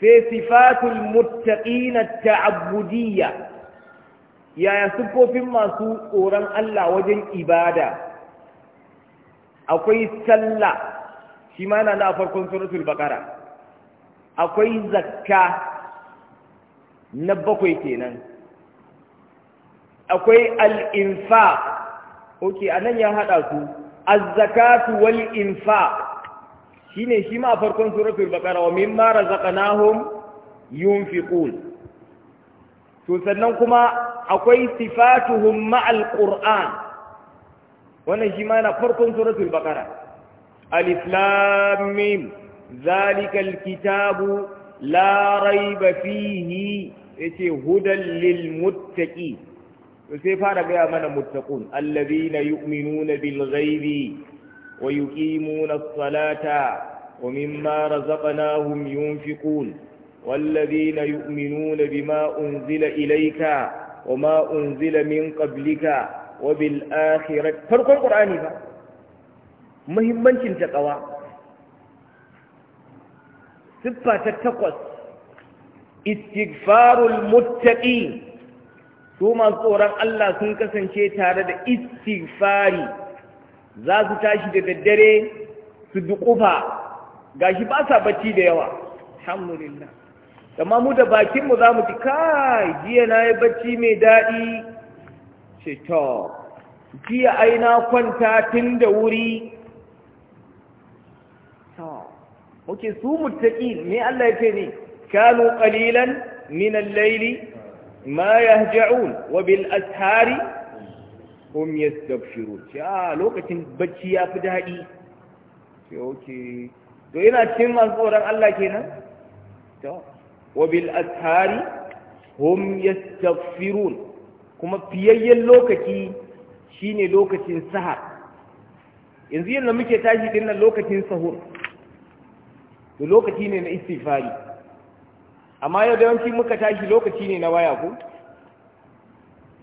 sai sifatul ta ta'abbudiyya yaya siffofin masu tsoron Allah wajen ibada akwai sallah shi ma na a farkon suratul baƙara. akwai zakka na bakwai kenan akwai al Okay, a nan ya haɗa su az-zakatu wal shine shi ma farkon suratul baqara wa mimma razaqnahum yunfiqun to sannan kuma akwai sifatuhum ma'al qur'an wannan shi ma na farkon suratul baqara alif lam mim zalikal kitabu la raiba fihi yace hudan lil muttaqin sai fara gaya mana muttaqun allazina yu'minuna bil ghaibi ويقيمون الصلاة ومما رزقناهم ينفقون والذين يؤمنون بما أنزل إليك وما أنزل من قبلك وبالآخرة فرق القرآن فا مهمنش تقوى سبة تتقوى استغفار المتقين ثم القرآن الله سنكسن شيء تارد استغفاري za su tashi da daddare su duƙufa shi ba sa bacci da yawa alhamdulillah amma mu da bakinmu za mu ci kai jiya na yi bacci mai daɗi ce to jiya ai na kwanta tun da wuri oke su mutaki ne Allah ya ce ne kanu ƙalilan minan laili ma yahja'un wa bil ashari hum yastabshirun ce a ah, lokacin bacci ya fi daɗi ce oke to ina cikin tsoron Allah kenan to wa bil ashari hum yastaghfirun kuma fiyayyen lokaci shine lokacin sahar yanzu yanda muke tashi din nan lokacin sahur to lokaci ne na istighfari amma yau da yanki muka tashi lokaci ne na waya ko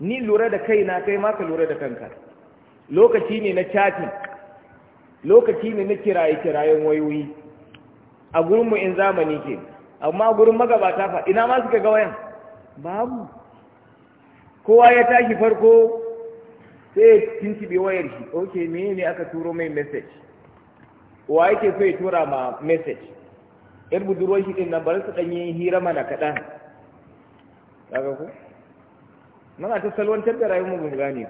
ni lura da kaina kai ma ka lura da kanka lokaci ne na chatting lokaci ne na kiraye-kirayen wayoyi a mu in zamani ke amma gurin magabata fa ina ma suka ga wayan babu kowa ya tashi farko sai tuntube wayar shi ok mene ne aka turo mai message wa yake so ya tura ma message yar budurwar shi din nan bari su danyen hira mana kaɗan daga ku muna ta salwantar da rayuwar mu gane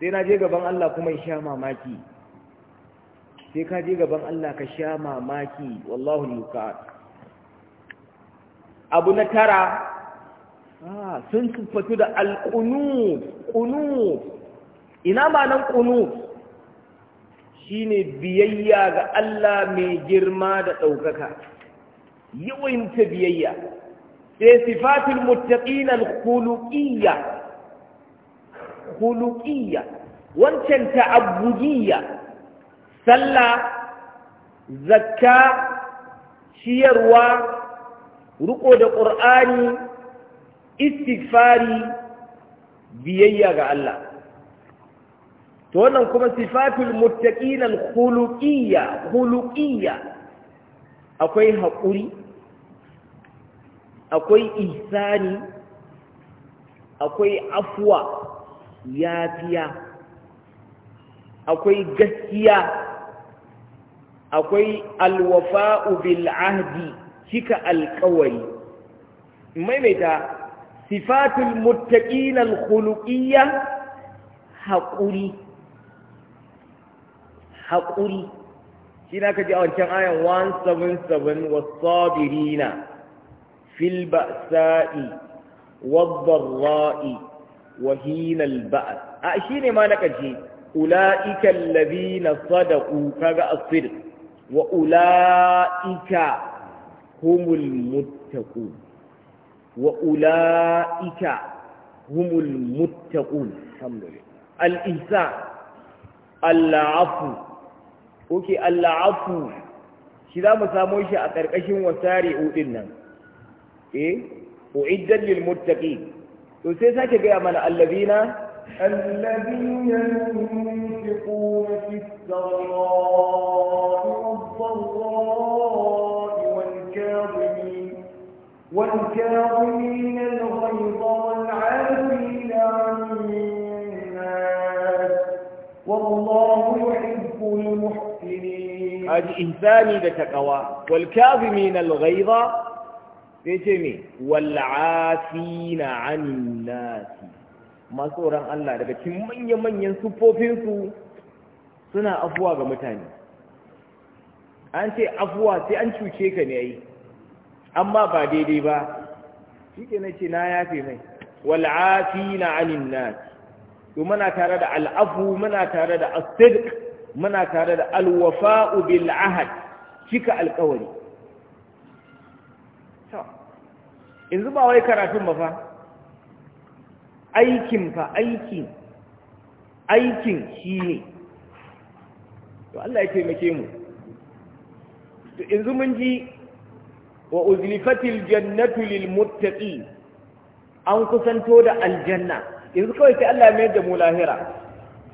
sai na je gaban Allah kuma in sha mamaki sai ka je gaban Allah ka sha mamaki wallahu yuqat abu na tara ah, sun sifatu da alqunu qunu ina ma nan qunu shine biyayya ga Allah mai girma da daukaka ta biyayya e eh, sifafin muttaqin al-khuluqiyya khuluqiyya wancan ta'abbudiyya sallah zakka shiyarwa riko da ƙur'ani istikfari biyayya ga Allah to kuma sifafin muttaqin al-khuluqiyya akwai haƙuri akwai ihsani akwai afuwa yafiya akwai gaskiya akwai alwafa'u bil ahdi cika alkawari maimaita sifatul muttaqin khuluqiyya haƙuri haƙuri shi na kaji a wancan ayan 177 wasabirina fil ba'sa'i wadh-dharra'i wa hina al-ba's a shine ma na kace ulaika alladhina sadaqu kaga as-sidq wa wa ulaika humul muttaqun alhamdulillah al-ihsan shi za mu samo shi a ƙarƙashin wasari'u nan ايه uiddat للمتقين muttaqin to sai sake الذين ينفقون في السراء والضراء والكاظمين والكاظمين الغيظ والعافين عن الناس والله يحب المحسنين هذه إذا تقوى والكاظمين الغيظ sai ce me na anin nasi masu tsoron Allah daga cikin manya-manyan sufofinsu suna afuwa ga mutane an ce afuwa sai an cuce ka ne yi amma ba daidai ba shi ke na ce na yafe mai na anin nasi to muna tare da al'afu muna tare da asidq muna tare da alwafa'u bil ahad cika alkawari yanzu ba wai karatun ba fa aikin fa aiki, aikin shi ne to Allah ya taimake mu to yanzu mun ji wa uzlifatil jannatu lil muttaqin an kusanto da aljanna yanzu kawai sai Allah ya mayar da mu lahira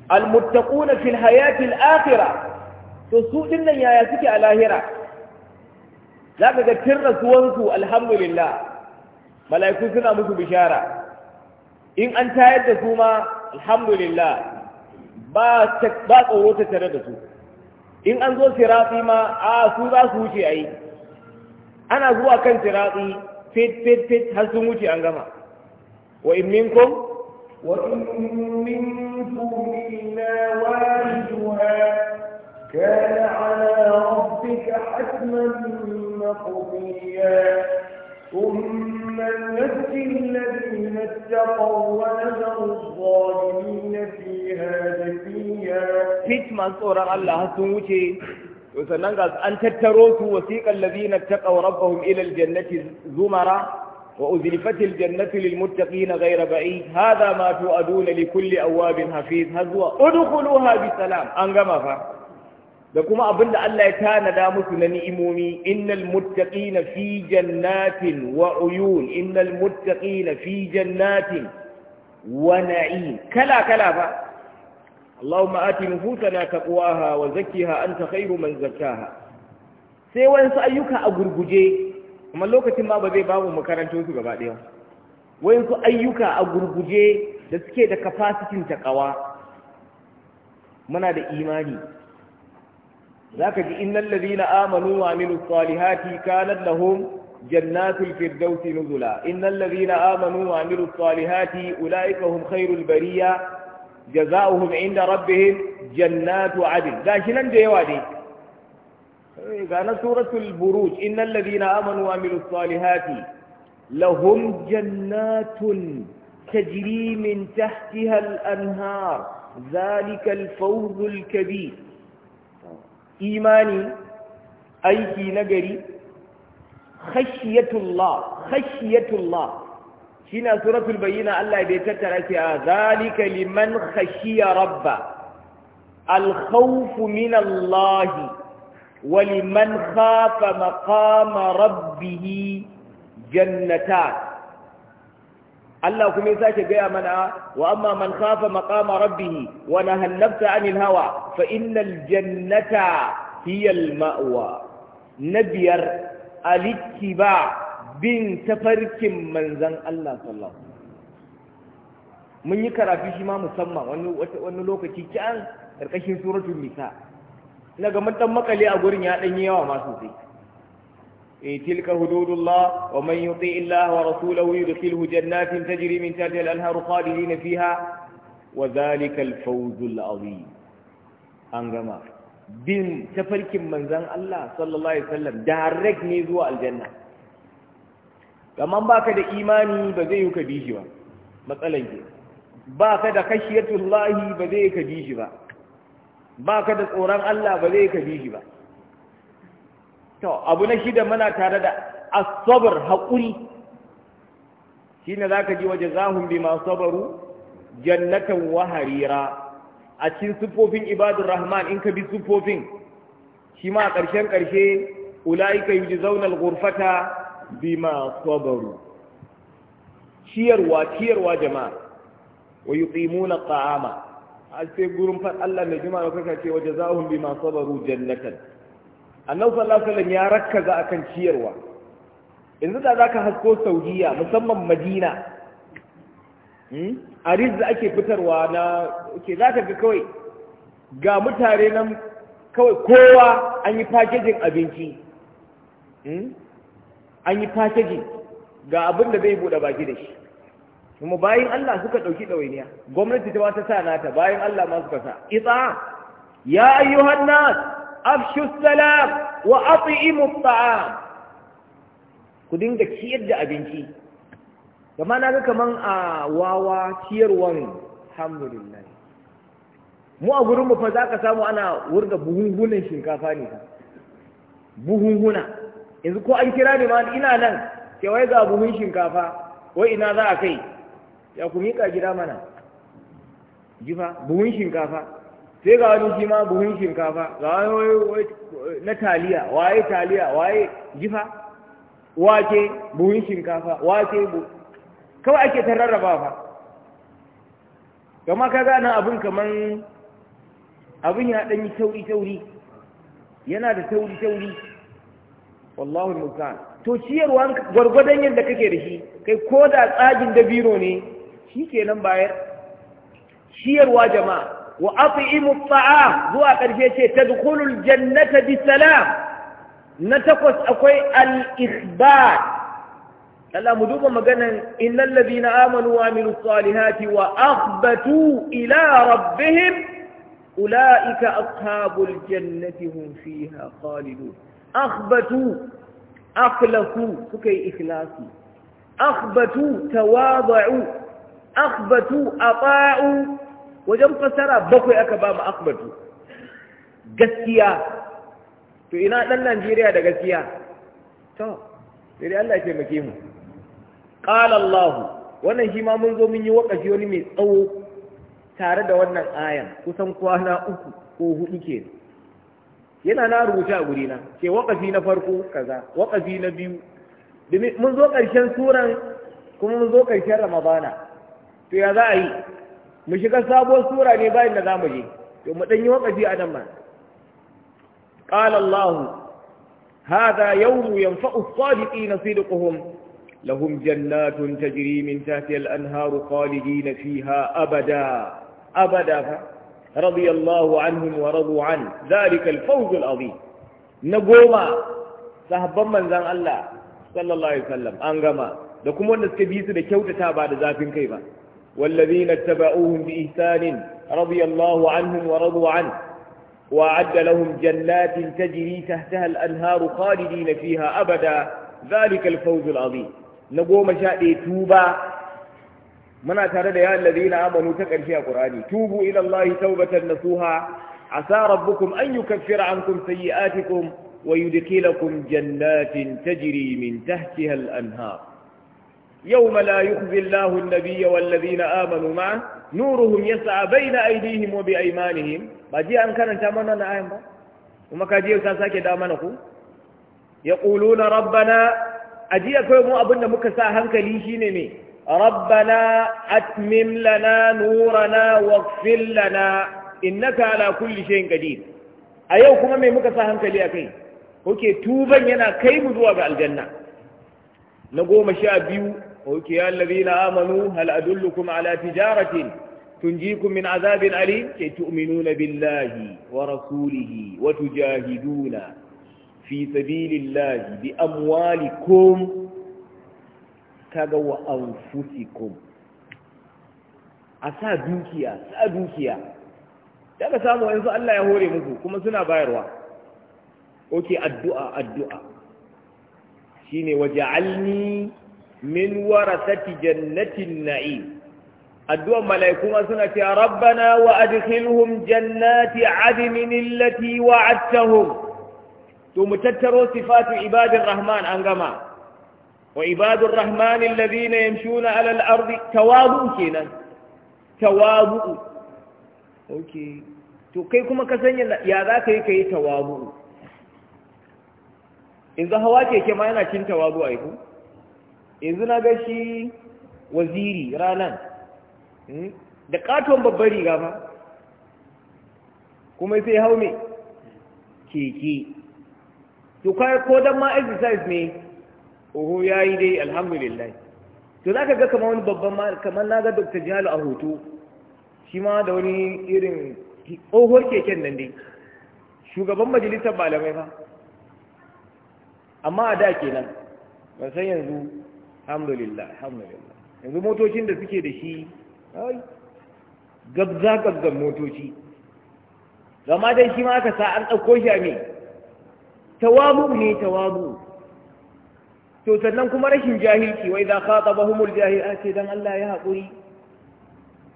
al muttaquna fil hayatil akhirah to su dinnan yaya suke a lahira zaka ga tirrasuwansu alhamdulillah mala'iku suna musu bishara in an tayar da su ma alhamdulillah ba tsoro ta tare da su in an zo siratsi ma a su za su wuce a yi ana zuwa kan siratsi fit fit fit har sun wuce an gama wa in minkum wa in minkum illa wariduha kana ala rabbika hatman maqdiya ثم ثم الذين اتقوا ونذر الظالمين فيها جثيا tsoron Allah sun wuce sannan ga an tattaro su wasiqal ladina taqaw rabbahum ila aljannati zumara وأزلفت الجنة للمتقين غير بعيد هذا ما تؤدون لكل أواب حفيظ هزوا ادخلوها بسلام أنقمها da kuma abin da Allah ya tanada musu na ni'imomi innal muttaqina fi jannatin wa uyun innal muttaqina fi jannatin wa na'im kala kala fa Allahumma ati nufusana taqwaha wa zakkiha anta khairu man zakkaha sai wayansu ayyuka a gurguje amma lokacin ma ba zai babu makarantar su gaba daya wayansu ayyuka a gurguje da suke da capacity ta kawa muna da imani ذاك إن الذين آمنوا وعملوا الصالحات كانت لهم جنات الفردوس نزلا إن الذين آمنوا وعملوا الصالحات أولئك هم خير البرية جزاؤهم عند ربهم جنات عدن لكن أنت يا وادي قال سورة البروج إن الذين آمنوا وعملوا الصالحات لهم جنات تجري من تحتها الأنهار ذلك الفوز الكبير imani aiki nagari khashiyatullah khashiyatullah shine suratul bayyina Allah bai tattara shi a zalika liman khashiya rabba الخوف من الله kafa خاف مقام ربه jannatan. Allah kuma ya sake gaya mana wa amma man khafa maqama rabbih wa nahana nafsa 'anil hawa fa innal jannata hiya al-ma'wa nabiyar al bin tafarkin manzon Allah sallallahu alaihi mun yi karafi shi ma musamman wani wani lokaci can karkashin suratul nisa na ga mun dan makale a gurin ya dan yawa ma sosai تلك حدود الله ومن يطيع الله ورسوله يدخله جنات تجري من تحتها الأنهار خالدين فيها وذلك الفوز العظيم أنجما bin tafarkin manzan Allah sallallahu Alaihi wasallam direct ne zuwa aljanna kamar baka da imani ba zai yi ka ba matsalan ke baka da kashiyatullahi ba zai yi ka ba. ba ka da tsoron Allah ba zai yi ka bi ba to abu na shida muna tare da asabar haƙuri shi ne za ka ji waje zahun bi masu sabaru jannatan wa harira a cikin siffofin ibadun rahman in ka bi siffofin shi ma a ƙarshen ƙarshe ula'ika yi ji zaunar gurfata bi masu sabaru ciyarwa ciyarwa jama'a wa yi tsimuna ƙa'ama a sai gurin faɗ Allah mai jima'a kaka ce waje zahun bi masu sabaru jannatan annabi sallallahu alaihi wasallam ya rakkaza akan ciyarwa yanzu da zaka hasko saudiya musamman madina hmm, a da ake fitarwa na ke za ka ga kawai ga mutane nan kawai kowa an yi fakejin abinci hmm, an yi fakejin ga abin da zai buɗe baki da shi kuma bayan Allah suka ɗauki ɗawainiya gwamnati ta ba ta sa nata bayan Allah ma suka sa itsa ya ayyuhan nas afshu salam wa at'imu ta'am ku dinga ciyar da abinci gama na ga kaman a wawa ciyarwan mu a gurin mu fa za ka samu ana wurga buhunhunan shinkafa ne fa buhunhuna yanzu ko an kira ni ma ina nan ke wai ga buhun shinkafa wai ina za a kai ya ku miƙa gida mana jifa buhun shinkafa sai ga wani shi ma buhun shinkafa ga wani na taliya waye taliya waye jifa wake buhun shinkafa wake bu kawai ake ta rarraba fa Gama ka gane abin kaman abin ya ɗanyi tauri-tauri yana da tauri-tauri wallahu mutan to ciyarwa gwargwadon yadda kake da shi kai ko da tsagin dabino ne shi ke nan bayar ciyarwa jama'a وأطعموا الطعام هو قرشي تدخل الجنة بسلام نتقص أكوي الإخبار الله مدوبا مقالا إن الذين آمنوا وعملوا الصالحات وأخبتوا إلى ربهم أولئك أصحاب الجنة هم فيها خالدون أخبتوا أخلفوا فكي إخلاصي أخبتوا تواضعوا أخبتوا أطاعوا wajen fasara bakwai aka ba mu akbatu gaskiya to ina dan Najeriya da gaskiya to sai dai Allah ya taimake mu qala Allah wannan shi ma mun zo mun yi wakafi wani mai tsawo tare da wannan ayan kusan kwana uku ko hudu ke yana na rubuta a guri na ce wakafi na farko kaza wakafi na biyu mun zo ƙarshen suran kuma mun zo ƙarshen ramadana to ya za a yi mu shiga sabuwar sura ne bayan da zamu je to mu dan yi wakafi a nan ma qala allah na yawmu yanfa'u as-sadiqin sidquhum lahum jannatun tajri min tahtiha al-anhar qalidin fiha abada abada fa radiya an dhalika al-fawz al-azim na goma sahabban manzon allah sallallahu alaihi wasallam an gama da kuma wanda suka bi su da kyautata ba da zafin kai ba والذين اتبعوهم بإحسان رضي الله عنهم ورضوا عنه وأعد لهم جنات تجري تحتها الأنهار خالدين فيها أبدا ذلك الفوز العظيم نقوم شأدي توبا من أترد يا الذين آمنوا تقل فيها القرآن توبوا إلى الله توبة نصوها عسى ربكم أن يكفر عنكم سيئاتكم ويدخلكم جنات تجري من تحتها الأنهار يوم لا يخزي الله النبي والذين آمنوا معه نورهم يسعى بين أيديهم وبأيمانهم باجي أن كان تمنى نعم وما كاجي وتساكي دامنكو يقولون ربنا أجي أكوي مو أبن مكسا هنك ليشيني مي ربنا أتمم لنا نورنا واغفر لنا إنك على كل شيء قدير أيوكم مي مكسا هنك ليكي أوكي توبا ينا كيم ذوب الجنة na goma sha biyu قلت يا الذين آمنوا هل أدلكم على تجارة تنجيكم من عذاب أليم كي تؤمنون بالله ورسوله وتجاهدون في سبيل الله بأموالكم kaga wa anfusikum a sa dukiya sa dukiya samu yanzu Allah ya hore muku kuma suna bayarwa oke addu'a addu'a shine waja'alni min warasati jannatin na'im addu'an mala'iku ma suna cewa rabbana wa adkhilhum jannati adnin allati wa'adtahum to mu tattaro sifatu ibadir rahman an gama wa ibadur rahman alladhina yamshuna 'ala al-ardi tawadu kenan tawadu okay to kai kuma ka sanya ya za ka yi kai tawadu in za hawa keke ma yana cin tawadu yi ko yanzu na ga shi waziri ranan hmm? da katon babbar riga ma kuma sai hau me keke to kai ko dan ma exercise ne oho yayi dai alhamdulillah to zaka ga kamar wani babban ma kamar naga Dr. Jalo a hoto shi ma da wani irin tsohon keken nan dai shugaban majalisar malamai fa amma a da kenan ban san yanzu alhamdulillah alhamdulillah yanzu motocin da suke da shi gabza gabzan motoci Zama dai shi ma aka sa an ɗauko shi a me tawabu ne tawabu to sannan kuma rashin jahilci wai za ka tsaba humul jahil a ce don Allah ya haƙuri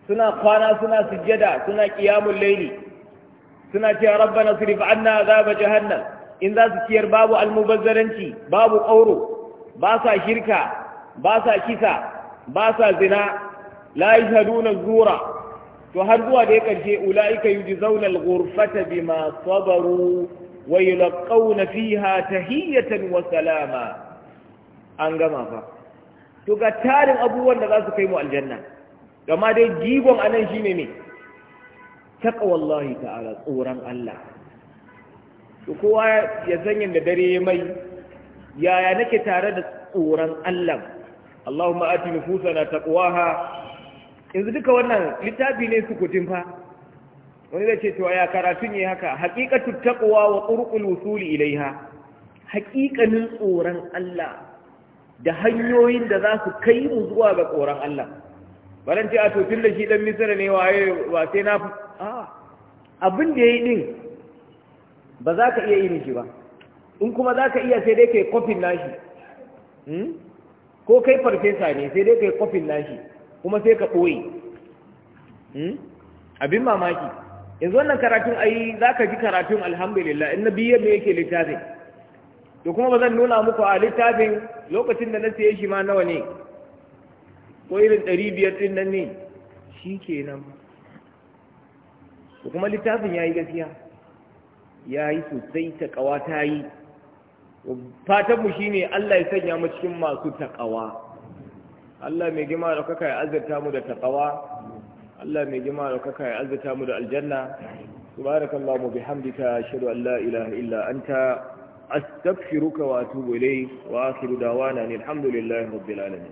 suna kwana suna sujjada suna ƙiyamun laili suna cewa rabbana sirif anna azaba jahannam in za su ciyar babu almubazzaranci babu ƙauro ba sa shirka ba sa kisa ba sa zina la yashhaduna zura to har zuwa da ya karshe ulaika yujzauna al-ghurfata bima sabaru wa yulqawna fiha tahiyatan wa salama an gama fa to ga tarin abubuwan da za su kai mu aljanna gama dai jigon anan shine ne taqwallahi ta'ala tsoron Allah to kowa ya san yanda dare mai yaya nake tare da tsoron Allah Allahumma ati nufusana taqwaha yanzu duka wannan littafi ne su kujin fa wani da ce cewa ya karatun yi haka haqiqatu taqwa wa turqul wusuli ilaiha haqiqanin tsoron Allah da hanyoyin da za su kai mu zuwa ga tsoron Allah baran ce a to tun da shi dan misira ne waye ba sai na a abin da yayi din ba za ka iya yin shi ba in kuma za ka iya sai dai kai kofin nashi hmm? ko kai farfesa ne sai dai kai kofin nashi kuma sai ka ɓoye hmm? abin mamaki yanzu wannan karatun ayi za ka ji karatun alhamdulillah in na biye yake littafin to kuma ba zan nuna muku a littafin lokacin da na siye shi ma nawa ne ko irin ɗari biyar ɗin nan ne shi kenan kuma littafin ya yi gaskiya ya yi sosai ta kawa ta yi fatanmu shi ne Allah ya sanya mu cikin masu taƙawa Allah mai gima da kaka ya azurta mu da taƙawa Allah mai gima da kaka ya azurta mu da aljanna subhanakallah mu bihamdika ashhadu an la ilaha illa anta astaghfiruka wa atubu ilayk wa akhiru dawana alhamdulillahi rabbil alamin